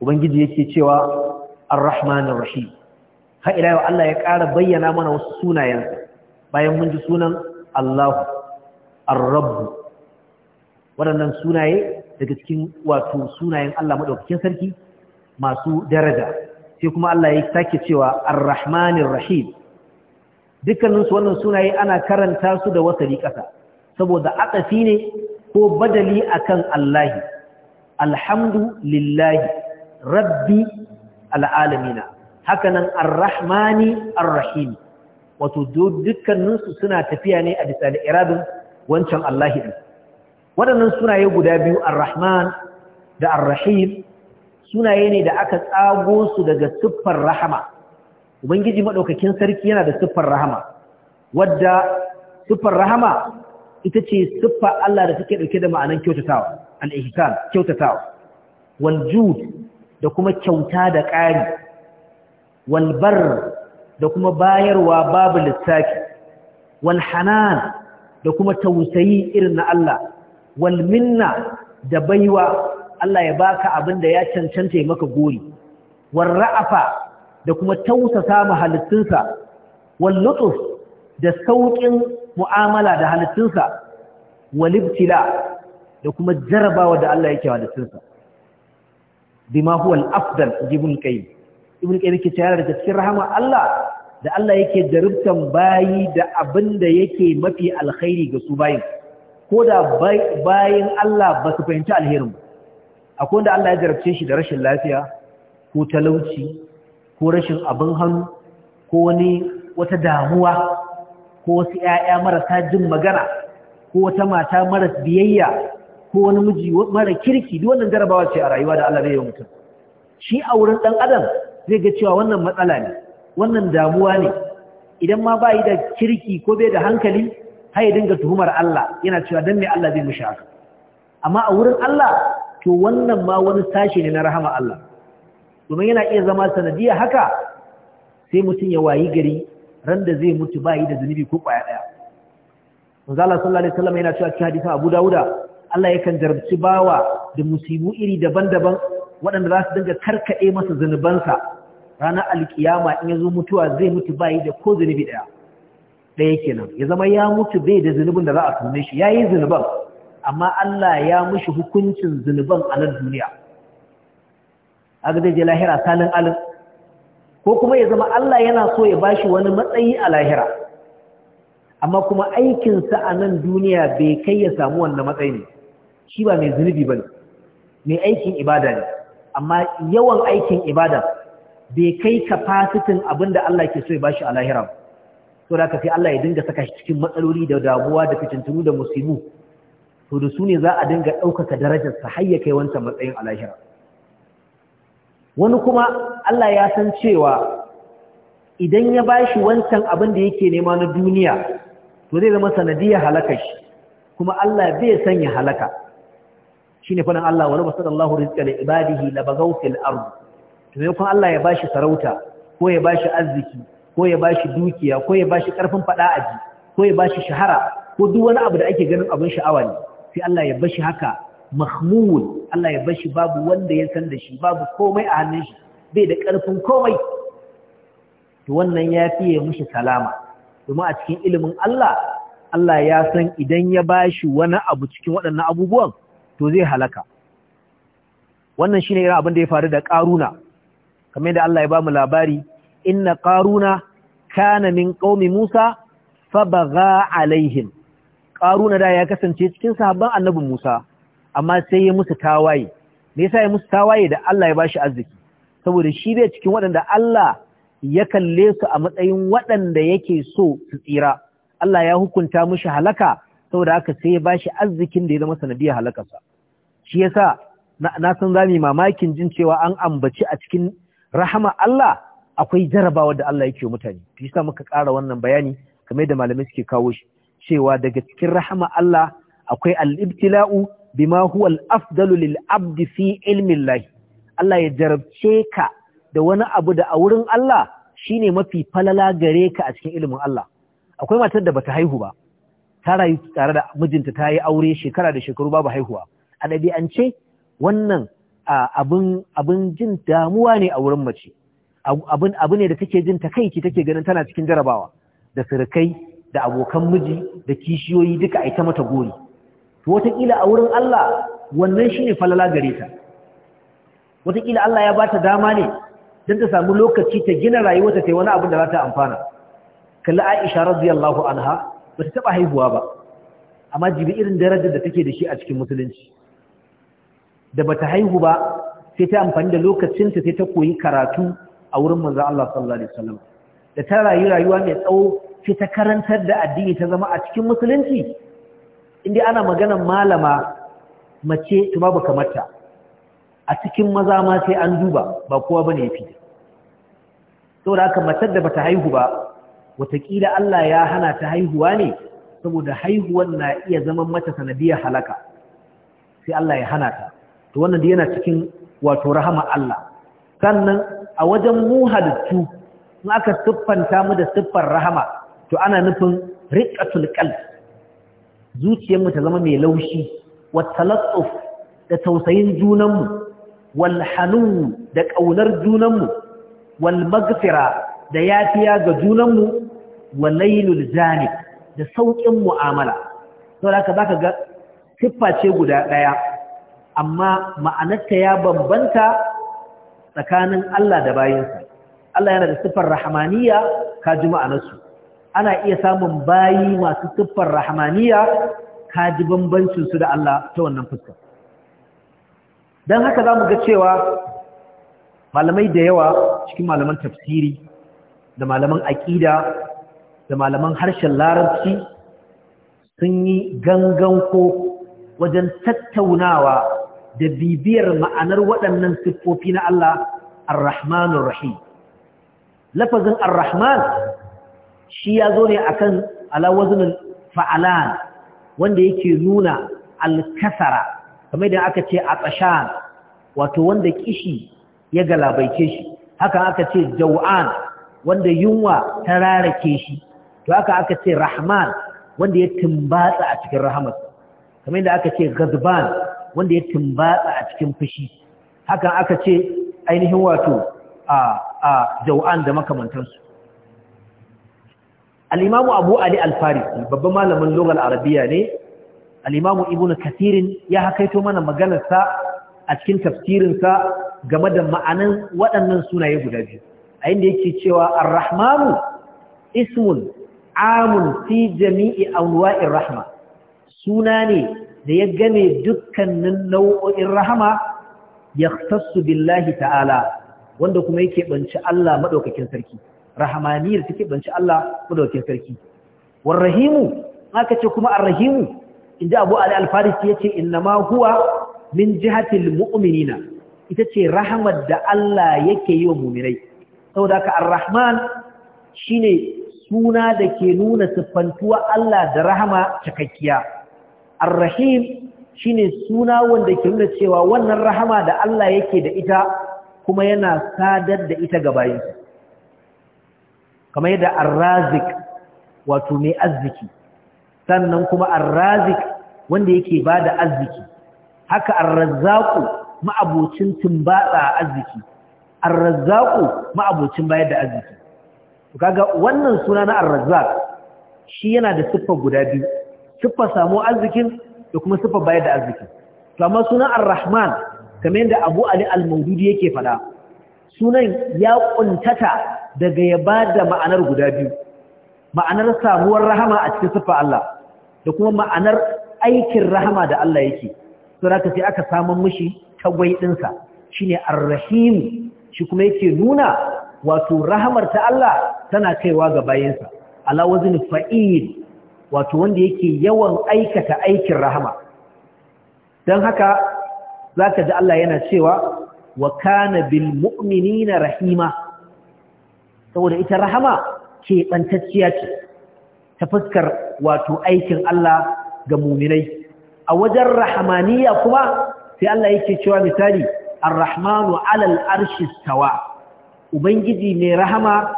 ubangiji yake cewa ar-rahmanir rahim har ila yau Allah ya ƙara bayyana mana wasu sunayensa bayan mun ji sunan Allahu ar Rabbu. waɗannan sunaye daga cikin wato sunayen Allah madaukakin sarki masu daraja sai kuma Allah ya sake cewa Ar-Rahmanir Rahim dukkanin su wannan sunaye ana karanta su da wasali ƙasa saboda atafi ne ko badali akan Allahi alhamdu lillahi rabbi al'alamina hakanan ar-rahmani ar-rahim wato dukkaninsu suna tafiya ne a bisa da iradin wancan Allah ɗin waɗannan sunaye guda biyu arrahman rahman da arrahim rahim sunaye ne da aka tsago su daga siffar rahama ubangiji madaukakin sarki yana da siffar rahama wadda siffar rahama ita ce siffa Allah da take ɗauke da ma'anan kyautatawa al-ihsan kyautatawa wal jud da kuma kyauta da ƙari walbar da kuma bayarwa babu lissafi walhanan da kuma tausayi irin na Allah walminna da baiwa Allah ya baka abin da ya cancanta ya maka gori warra'afa da kuma tausasa ma halittunsa wallutuf da sauƙin mu'amala da halittunsa walibtila da kuma jarabawa da Allah yake halittunsa bima huwa al-afdal jibul qayyim ibn qayyim yake cewa da cikin rahama Allah da Allah yake jarubtan bayi da abin da yake mafi alkhairi ga su bayin ko da bayin Allah ba su fahimci alherin ba akwai wanda Allah ya jarabce shi da rashin lafiya ko talauci ko rashin abin hannu ko wani wata damuwa ko wasu ƴaƴa marasa jin magana ko wata mata maras biyayya ko wani miji mara kirki duk wannan jarabawa ce a rayuwa da Allah bai yi mutum shi a wurin ɗan adam zai ga cewa wannan matsala ne wannan damuwa ne idan ma ba yi da kirki ko bai da hankali har dinga tuhumar Allah yana cewa dan me Allah zai mishi haka amma a wurin Allah to wannan ma wani sashi ne na rahama Allah domin yana iya zama sanadiyar haka sai mutum ya wayi gari ran da zai mutu ba yi da zunubi ko kwaya ɗaya. manzo Allah sallallahu alaihi wasallam yana cewa cikin hadisin Abu Dawuda Allah yakan jarabci bawa da musibu iri daban-daban waɗanda za su dinga karkaɗe masa zunubansa ranar alkiyama in ya zo mutuwa zai mutu bayi da ko zunubi ɗaya ɗaya kenan ya zama ya mutu bai da zunubin da za a tume shi ya yi zunuban amma Allah ya mushi hukuncin zunuban a nan duniya ga zai je lahira salin alin ko kuma ya zama Allah yana so ya bashi wani matsayi a lahira amma kuma aikinsa a nan duniya bai kai ya samu wannan matsayi ne shi ba mai zunubi ba ne mai aikin ibada ne amma yawan aikin ibada bai kai kafasitin abinda Allah ke so ya bashi a lahira so da kafi Allah ya dinga saka shi cikin matsaloli da damuwa da fitintunu da musibu to da su ne za a dinga ɗaukaka darajar sa har ya kai wancan matsayin a lahira wani kuma Allah ya san cewa idan ya bashi wancan abin da yake nema na duniya to zai zama sanadiyar halakar shi kuma Allah bai sanya halaka ne faɗin Allah wa labasa Allahu rizqa li ibadihi na fil ard to ne kun Allah ya sarauta ko ya bashi arziki ko ya bashi dukiya ko ya bashi karfin fada aji ko ya bashi shahara ko duk wani abu da ake ganin abin sha'awa ne sai Allah ya bashi haka mahmud Allah ya bashi babu wanda ya san da shi babu komai a hannun shi bai da karfin komai to wannan ya fiye mishi salama domin a cikin ilimin Allah Allah ya san idan ya bashi wani abu cikin waɗannan abubuwan to zai halaka wannan shine irin abin da ya faru da ƙaruna kamar yadda Allah ya ba mu labari inna ƙaruna kana min qaumi Musa fa bagha alaihim ƙaruna da ya kasance cikin sahabban annabin Musa amma sai ya musu tawaye me yasa ya musu tawaye da Allah ya bashi arziki saboda shi bai cikin waɗanda Allah ya kalle su a matsayin waɗanda yake so su tsira Allah ya hukunta mushi halaka saboda haka sai ya bashi arzikin da ya zama sanadiyar halakarsa shi yasa na san zami mamakin jin cewa an ambaci a cikin rahama Allah akwai jarabawa da Allah yake mutane shi yasa muka ƙara wannan bayani kamar da malamai suke kawo shi cewa daga cikin rahama Allah akwai al-ibtila'u bima huwa al-afdalu lil abdi fi ilmi Allah Allah ya jarabce ka da wani abu da a wurin Allah shine mafi falala gare ka a cikin ilimin Allah akwai matar da bata haihu ba ta rayu tare da mijinta ta yi aure shekara da shekaru babu haihuwa a ɗabi'ance wannan abin jin damuwa ne a wurin mace abu ne da take jin takaici take ganin tana cikin jarabawa da surukai da abokan miji da kishiyoyi duka a ita mata gori wataƙila a wurin Allah wannan shi ne falala gare ta wataƙila Allah ya ba ta dama ne don ta samu lokaci ta gina rayuwarta ta wani abin da za ta amfana kalli aisha radiyallahu anha ba ta taɓa haihuwa ba amma jibi irin darajar da take da shi a cikin musulunci da bata haihu ba sai ta amfani da lokacinta sai ta koyi karatu a wurin manzon Allah sallallahu alaihi wasallam da ta rayu rayuwa mai tsawo sai ta karantar da addini ta zama a cikin musulunci inda ana maganar malama mace to babu kamarta a cikin maza ma sai an duba ba kowa bane yafi saboda haka matar da bata haihu ba watakila Allah ya hana ta haihuwa ne saboda haihuwan na iya zaman mata sanadiyar halaka sai Allah ya hana ta to wannan da yana cikin wato rahama Allah sannan a wajen mu halittu in aka siffanta mu da siffar rahama to ana nufin riqatul qalb zuciyarmu ta zama mai laushi wa talaqquf da tausayin junanmu wal hanun da kaunar junanmu wal maghfira da yafiya ga junanmu wal laylul janib da saukin mu'amala saboda haka zaka ga siffa ce guda daya amma ma'anarta ya bambanta tsakanin Allah da bayinsa Allah yana da siffar rahmaniya ka ji ma'anarsu ana iya samun bayi masu siffar rahmaniyya ka ji bambancinsu da Allah ta wannan fuskar don haka za mu ga cewa malamai da yawa cikin malaman tafsiri da malaman aƙida da malaman harshen larabci sun yi gangan ko wajen tattaunawa da bibiyar ma'anar waɗannan siffofi na Allah ar Rahim lafazin arrahman shi ya zo ne akan alawazinin fa'alan wanda yake nuna al-kasara kamar da aka ce a tsashan wato wanda kishi ya galabaice shi haka aka ce jau'an, wanda yunwa ta rarake shi to haka aka ce rahman wanda ya tumbatsa a cikin rahamarsa kamar da aka ce gazban wanda ya tumbatsa a cikin fushi hakan aka ce ainihin wato a a jau'an da makamantansu al-imamu abu ali al-farisi babban malamin lugal arabiya ne al-imamu ibnu kathirin ya hakaito mana maganarsa a cikin tafsirinsa game da ma'anan waɗannan sunaye guda biyu a inda yake cewa ar-rahmanu ismun amun fi jami'i anwa'ir rahma suna ne da ya gane dukkanin nau'o'in rahama ya tassu billahi ta'ala wanda kuma yake banci Allah maɗaukakin sarki rahamaniyar take banci Allah maɗaukakin sarki war rahimu aka ce kuma ar-rahimu inda Abu Ali al-Farisi yace ma huwa min jihatil mu'minina ita ce rahamar da Allah yake yi wa mu'minai saboda ka ar-rahman shine suna da ke nuna siffantuwa Allah da rahama cikakkiya Ar-Rahim shine suna wanda ke nuna cewa wannan rahama da Allah yake da ita kuma yana sadar da ita ga bayinsa kamar yadda Ar-Razik wato mai arziki sannan kuma Ar-Razik wanda yake da arziki haka Ar-Razzaq ma'abocin tumbatsa arziki Ar-Razzaq ma'abocin bayar da arziki kaga wannan suna na Ar-Razzaq shi yana da siffar guda biyu siffar samu arzikin da kuma siffar bayar da arzikin to amma sunan ar-rahman kamar yadda abu ali al-maududi yake faɗa sunan ya ƙuntata daga ya ba da ma'anar guda biyu ma'anar samuwar rahama a cikin siffar Allah da kuma ma'anar aikin rahama da Allah yake saboda sai aka samu mishi tagwai shi shine ar-rahim shi kuma yake nuna wato rahamar ta Allah tana kaiwa ga bayansa. ala wazni fa'il wato wanda yake yawan aikata aikin rahama don haka za ka ji Allah yana cewa wa kana bil mu'minina rahima saboda ita rahama ke bantacciya ce ta fuskar wato aikin Allah ga muminai a wajen rahamaniya kuma sai Allah yake cewa misali arrahmanu rahmanu 'alal arshi stawa ubangiji mai rahama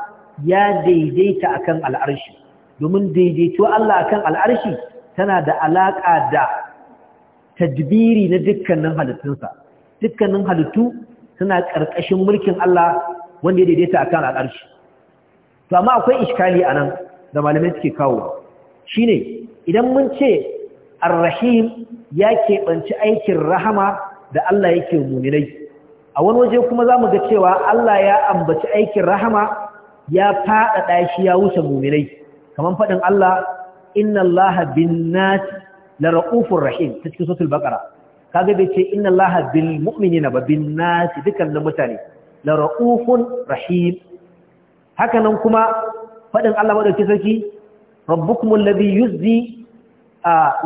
ya daidaita akan al'arshi domin daidaito Allah akan al'arshi tana da alaƙa da tadbiri na dukkanin halittunsa dukkanin halittu suna ƙarƙashin mulkin Allah wanda ya daidaita akan al'arshi to amma akwai iskali nan da malamai suke kawo shine idan mun ce arrahim rahim ya keɓanci aikin rahama da Allah yake muminai a wani waje kuma za mu ga cewa Allah ya ambaci aikin rahama ya faɗaɗa shi ya wuce muminai kaman faɗin Allah inna Allaha bin-nas la raufur rahim ta cikin suratul baqara kaga bai ce inna Allaha bil mu'minina ba bin-nas dukkan mutane la raufun rahim haka nan kuma faɗin Allah madauki sarki rabbukumul ladhi yuzzi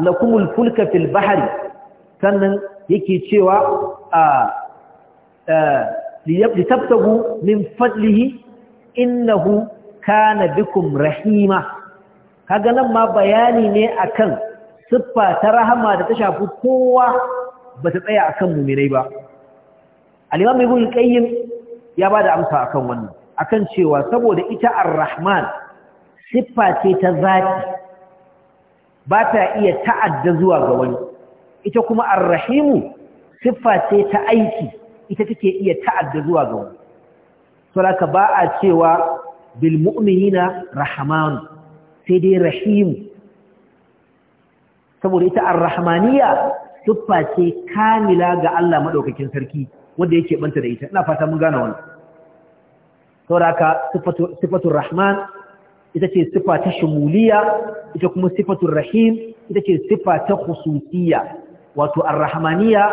lakumul fulka fil bahri sannan yake cewa litabtagu min fadlihi innahu kana bikum rahima kaga nan ma bayani ne akan siffa ta rahama da ta shafi kowa ba ta tsaya akan mu'minai ba al-imam ibn qayyim ya bada amsa akan wannan akan cewa saboda ita ar-rahman siffa ce ta zati ba ta iya ta'adda zuwa ga wani ita kuma ar-rahimu siffa ce ta aiki ita take iya ta'adda zuwa ga wani saboda ba a cewa bil mu'minina rahman sai dai rahimu, saboda ita arrahmaniya rahmaniyya ce kamila ga Allah maɗaukakin sarki wanda yake banta da ita ina fata mun gane wannan Sauraka, ka rahman ita ce sifa ta shumuliya ita kuma sifatun rahim ita ce sifa ta khususiyya wato arrahmaniya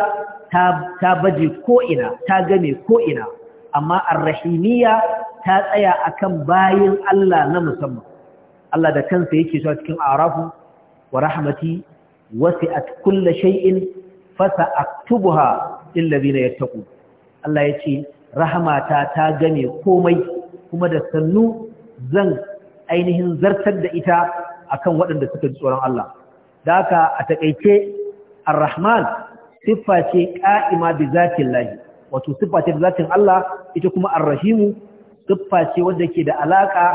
ta ta baje ko ina ta game ko ina amma arrahimiyya ta tsaya akan bayin Allah na musamman Allah da kansa yake cewa cikin arafu wa rahmati wasi'at kulli shay'in fasa'aktubuha lil ladina yattaqun Allah yace rahmata ta game komai kuma da sannu zan ainihin zartar da ita akan waɗanda suka ji tsoron Allah da haka a takeice ar-rahman siffa ce qa'ima bi zatin lahi wato siffa ce da zatin Allah ita kuma ar-rahimu siffa ce wadda ke da alaka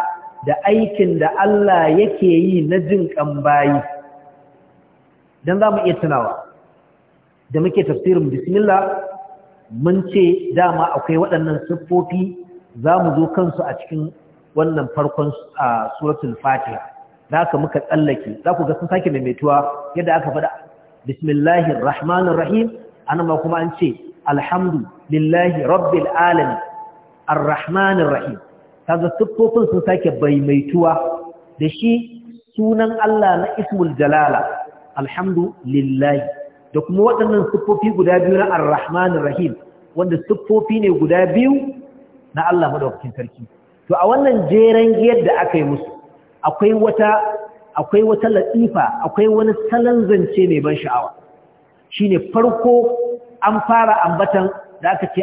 da aikin da Allah yake yi na jin bayi don za mu iya tunawa da muke tafsirin bismillah mun ce dama akwai waɗannan siffofi za mu zo kansu a cikin wannan farkon a suratul fatiha da aka muka tsallake za ku ga sun sake maimaituwa yadda aka faɗa bismillahir rahmanir rahim anan kuma an ce alhamdu lillahi rabbil alamin arrahmanir rahim kaga siffofin sun sake baimaituwa da shi sunan Allah na ismul jalala alhamdulillahi da kuma waɗannan siffofi guda biyu na ar-rahman rahim wanda siffofi ne guda biyu na Allah madaukakin sarki to a wannan jeren giyar da aka yi musu akwai wata akwai wata latifa akwai wani salon zance mai ban sha'awa shine farko an fara ambatan da aka ce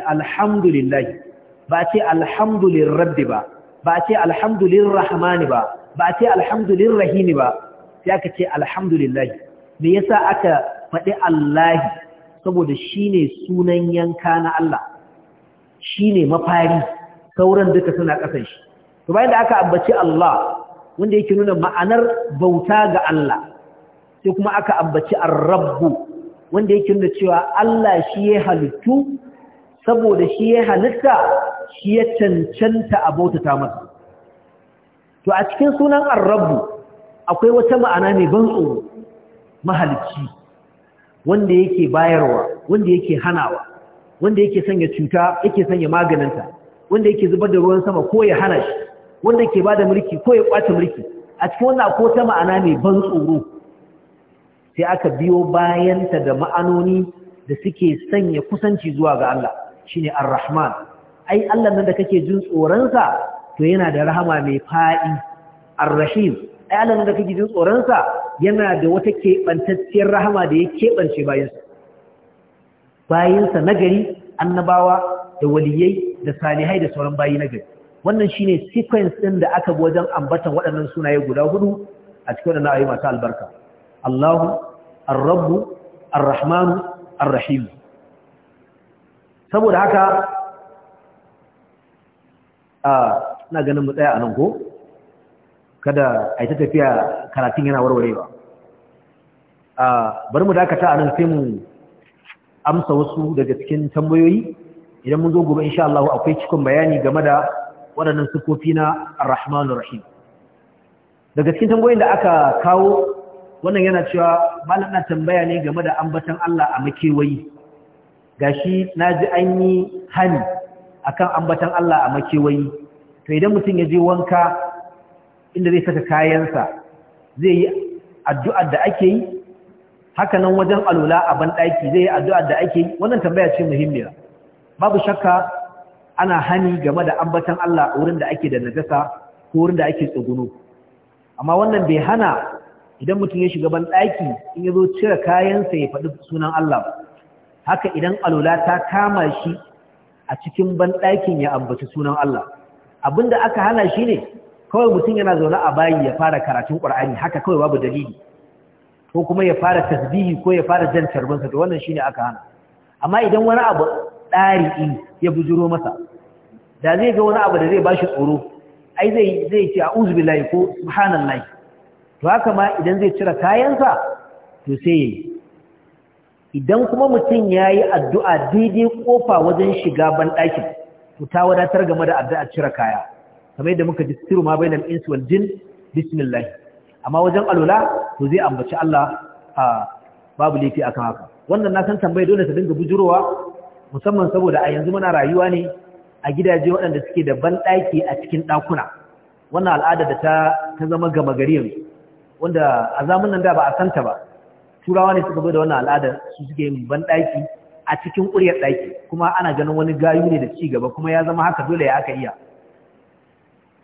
lillahi. ba ce alhamdulillah rabbi ba ba ce alhamdulillah rahmani ba ba ce alhamdulillah rahimi ba sai aka ce alhamdulillah me yasa aka faɗi Allah saboda shine sunan yanka na Allah shine mafari sauran duka suna ƙasan shi to bayan da aka ambaci Allah wanda yake nuna ma'anar bauta ga Allah sai kuma aka ambaci ar-rabbu wanda yake nuna cewa Allah shi ya halittu saboda shi ya halitta shi ya cancanta a bautata masa to a cikin sunan arrabu akwai wata ma'ana mai ban tsoro mahalicci wanda yake bayarwa wanda yake hanawa wanda yake sanya cuta yake sanya maganinta wanda yake zubar da ruwan sama ko ya hana shi wanda yake bada mulki ko ya kwace mulki a cikin wannan akwai wata ma'ana mai ban tsoro sai aka biyo bayanta da ma'anoni da suke sanya kusanci zuwa ga Allah shine Ar-Rahman ai Allah nan da kake jin tsoronsa to yana da rahama mai faɗi ar-rahim ai Allah nan da kake jin tsoronsa yana da wata keɓantacciyar rahama da ya keɓance bayansa bayansa nagari annabawa da waliyai da salihai da sauran bayi nagari wannan shine sequence din da aka bi wajen ambatan waɗannan sunaye guda hudu a cikin waɗannan ayoyi masu albarka Allahu ar-Rabb ar rahmanu ar-Rahim saboda haka a na ganin mu tsaya a nan ko kada a yi ta tafiya karatun yana warwarewa a bari mu dakata a nan sai mu amsa wasu daga cikin tambayoyi idan mun zo gobe insha Allah akwai cikon bayani game da waɗannan sufofi na ar Rahim daga cikin tambayoyin da aka kawo wannan yana cewa malam na tambaya ne game da ambatan Allah a makewayi gashi naji an yi hani akan ambatan Allah a makewayi to idan mutum ya je wanka inda zai saka kayansa zai yi addu'ar da ake yi hakanan wajen alula a banɗaki zai yi addu'a da ake yi wannan tambaya ce muhimmiya babu shakka ana hani game da ambatan Allah wurin da ake da najasa ko wurin da ake tsuguno amma wannan bai hana idan mutum ya shiga banɗaki in ya zo cire kayansa ya faɗi sunan Allah haka idan alula ta kama shi a cikin banɗakin ya ambaci sunan Allah Abin da aka hana shi ne kawai mutum yana zaune a bayi ya fara karatun ƙwar'ani haka kawai babu dalili ko kuma ya fara tasbihi ko ya fara jan tarbinsa to wannan shi ne aka hana amma idan wani abu ɗari'i ya bujuro masa da zai ga wani abu da zai bashi tsoro ai zai zai ce a billahi ko subhanallahi to haka ma idan zai cire kayansa to sai yayi idan kuma mutum ya yi addu'a daidai ƙofa wajen shiga banɗakin to ta wadatar game da addu'a cire kaya kamar yadda muka ji ma bai nan insu jin bismillah amma wajen alula to zai ambaci Allah a babu laifi kan haka wannan na san tambayi dole ta dinga bujurowa musamman saboda a yanzu muna rayuwa ne a gidaje waɗanda suke da banɗaki a cikin ɗakuna wannan al'ada da ta zama gama gari yanzu wanda a zamanin da ba a santa ba turawa ne suka zo da wannan al'adar su suke yin ban ɗaki a cikin ƙuryar ɗaki. kuma ana ganin wani gayu ne da cigaba kuma ya zama haka dole ya aka iya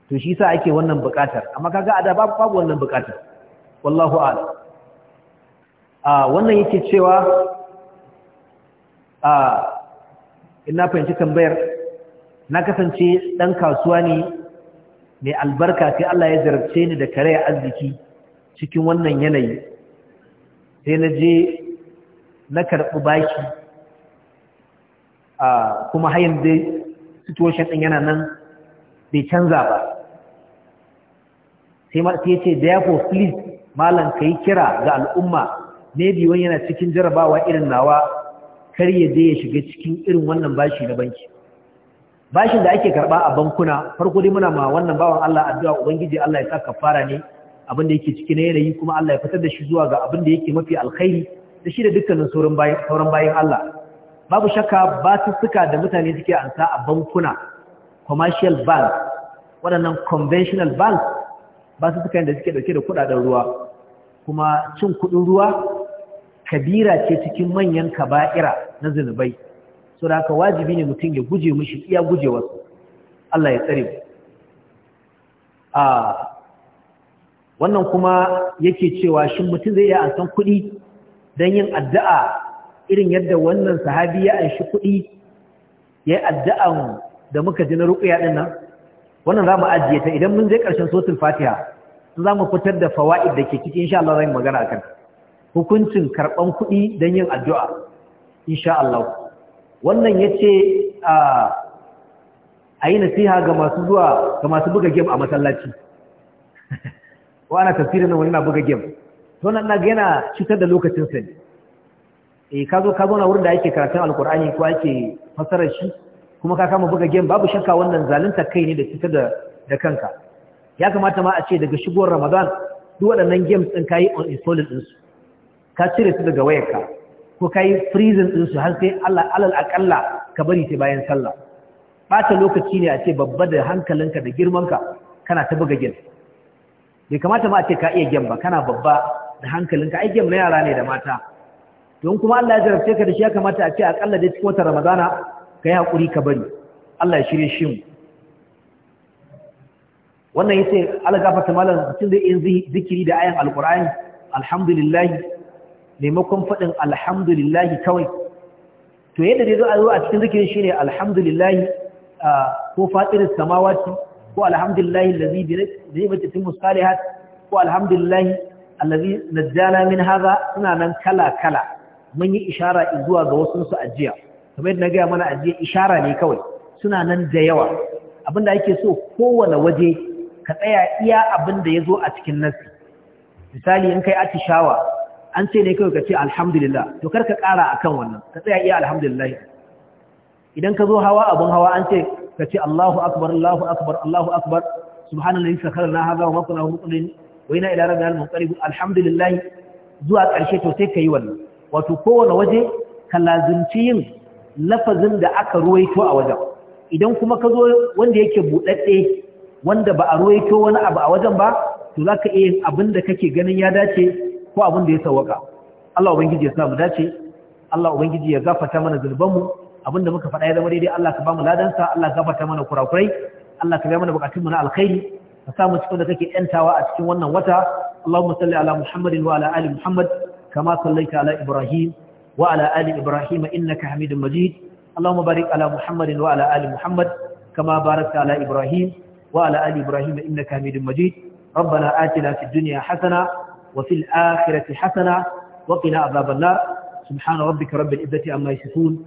to shi sa ake wannan buƙatar amma kaga a da babu wannan buƙatar wallahu a'ala a wannan yake cewa a ina fahimci tambayar na kasance ɗan kasuwa ne mai albarka sai Allah ya zarce ni da kare arziki cikin wannan yanayi sai na je na karɓi baki a kuma hayan dai situation ɗin yana nan bai canza ba sai ma sai ce therefore please malam ka yi kira ga al'umma ne wani yana cikin jarabawa irin nawa kar ya je ya shiga cikin irin wannan bashi na banki bashin da ake karɓa a bankuna farko dai muna ma wannan bawan Allah addu'a ubangiji Allah ya sa fara ne abin da yake ciki na yanayi kuma Allah ya fitar da shi zuwa ga abin da yake mafi alkhairi da shi da dukkanin sauran bayan Allah babu shakka ba su suka da mutane suke ansa a bankuna commercial bank waɗannan conventional bank ba su suka da suke dauke da kuɗaɗen ruwa kuma cin kuɗin ruwa kabira ce cikin manyan kaba'ira na zunubai so da haka wajibi ne mutum ya guje mushi iya wasu. Allah ya tsare mu ah, wannan kuma yake cewa shi mutum zai iya ansan kuɗi don yin addu'a irin yadda wannan sahabi ya anshi kuɗi ya yi addu'an da muka ji na ruƙuya ɗin nan wannan za mu ajiye ta idan mun je ƙarshen sotin fatiha za mu fitar da fawa'id da ke cikin insha Allah zai magana a kanta. hukuncin karɓan kuɗi don yin addu'a insha Allah wannan ya ce a yi nasiha ga masu ga masu buga game a masallaci [laughs] ko ana tafsirin nan wani na buga game to nan na ga yana cutar da lokacin sa ne eh ka zo ka zauna wurin da ake karatun alkur'ani ko ake fasarar shi kuma ka kama buga game babu shakka wannan zalunta kai ne da cutar da da kanka ya kamata ma a ce daga shigowar ramadan duk waɗannan games ɗin ka yi on installing su. ka cire su daga wayarka ko ka yi freezing su har sai alal aƙalla ka bari sai bayan sallah ɓata lokaci ne a ce babba da hankalinka da girmanka kana ta buga game bai kamata ma a ce ka iya gem kana babba da hankalinka ai gem na yara ne da mata don kuma Allah ya jarabce ka da shi ya kamata a ce akalla dai cikin watan Ramadana ka yi hakuri ka bari Allah ya shirye shi Wannan wannan yace Allah gafarta malam mutum zai yin zikiri da ayan alqur'ani alhamdulillah maimakon fadin alhamdulillah kawai to yadda dai zo a zo a cikin zikirin shine alhamdulillah ah, ko fatiris samawati ko alhamdulillahi allazi bi ni'mati timmu salihat ko alhamdulillahi allazi najjana min hadha suna nan kala kala mun yi ishara zuwa ga wasu su ajiya kamar yadda na ga mana ajiya ishara ne kawai suna nan da yawa abinda yake so kowane waje ka tsaya iya abinda ya zo a cikin nasi misali in kai atishawa an ce ne kawai ka ce alhamdulillah to kar ka kara akan wannan ka tsaya iya alhamdulillah idan ka zo hawa abun hawa an ce ka ce Allahu akbar Allahu akbar Allahu akbar subhanallahi sakharna hadha wa ma kunna muqrin wa ina ila rabbina munqalibun alhamdulillah zuwa ƙarshe to sai kai wannan wato kowane waje ka lazimci yin lafazin da aka ruwaito a wajen idan kuma ka zo wanda yake buɗaɗɗe wanda ba a ruwaito wani abu a wajen ba to za ka iya yin abin da kake ganin ya dace ko abin da ya sawaka Allah Ubangiji ya sa mu dace Allah Ubangiji ya gafata mana zunubanmu abinda muka faɗa ya zama daidai Allah ka bamu ladansa Allah ka gafarta mana kurakurai Allah ka biya mana bukatun mu na alkhairi ka sa mu cikin da kake yantawa a cikin wannan wata Allahumma salli ala Muhammadin wa ala ali Muhammad kama sallaita ala Ibrahim wa ala ali Ibrahim innaka Hamidum Majid Allahumma barik ala Muhammadin wa ala ali Muhammad kama barakta ala Ibrahim wa ala ali Ibrahim innaka Hamidum Majid ربنا آتنا في الدنيا حسنة وفي الآخرة حسنة وقنا عذاب النار سبحان ربك رب العزة عما يصفون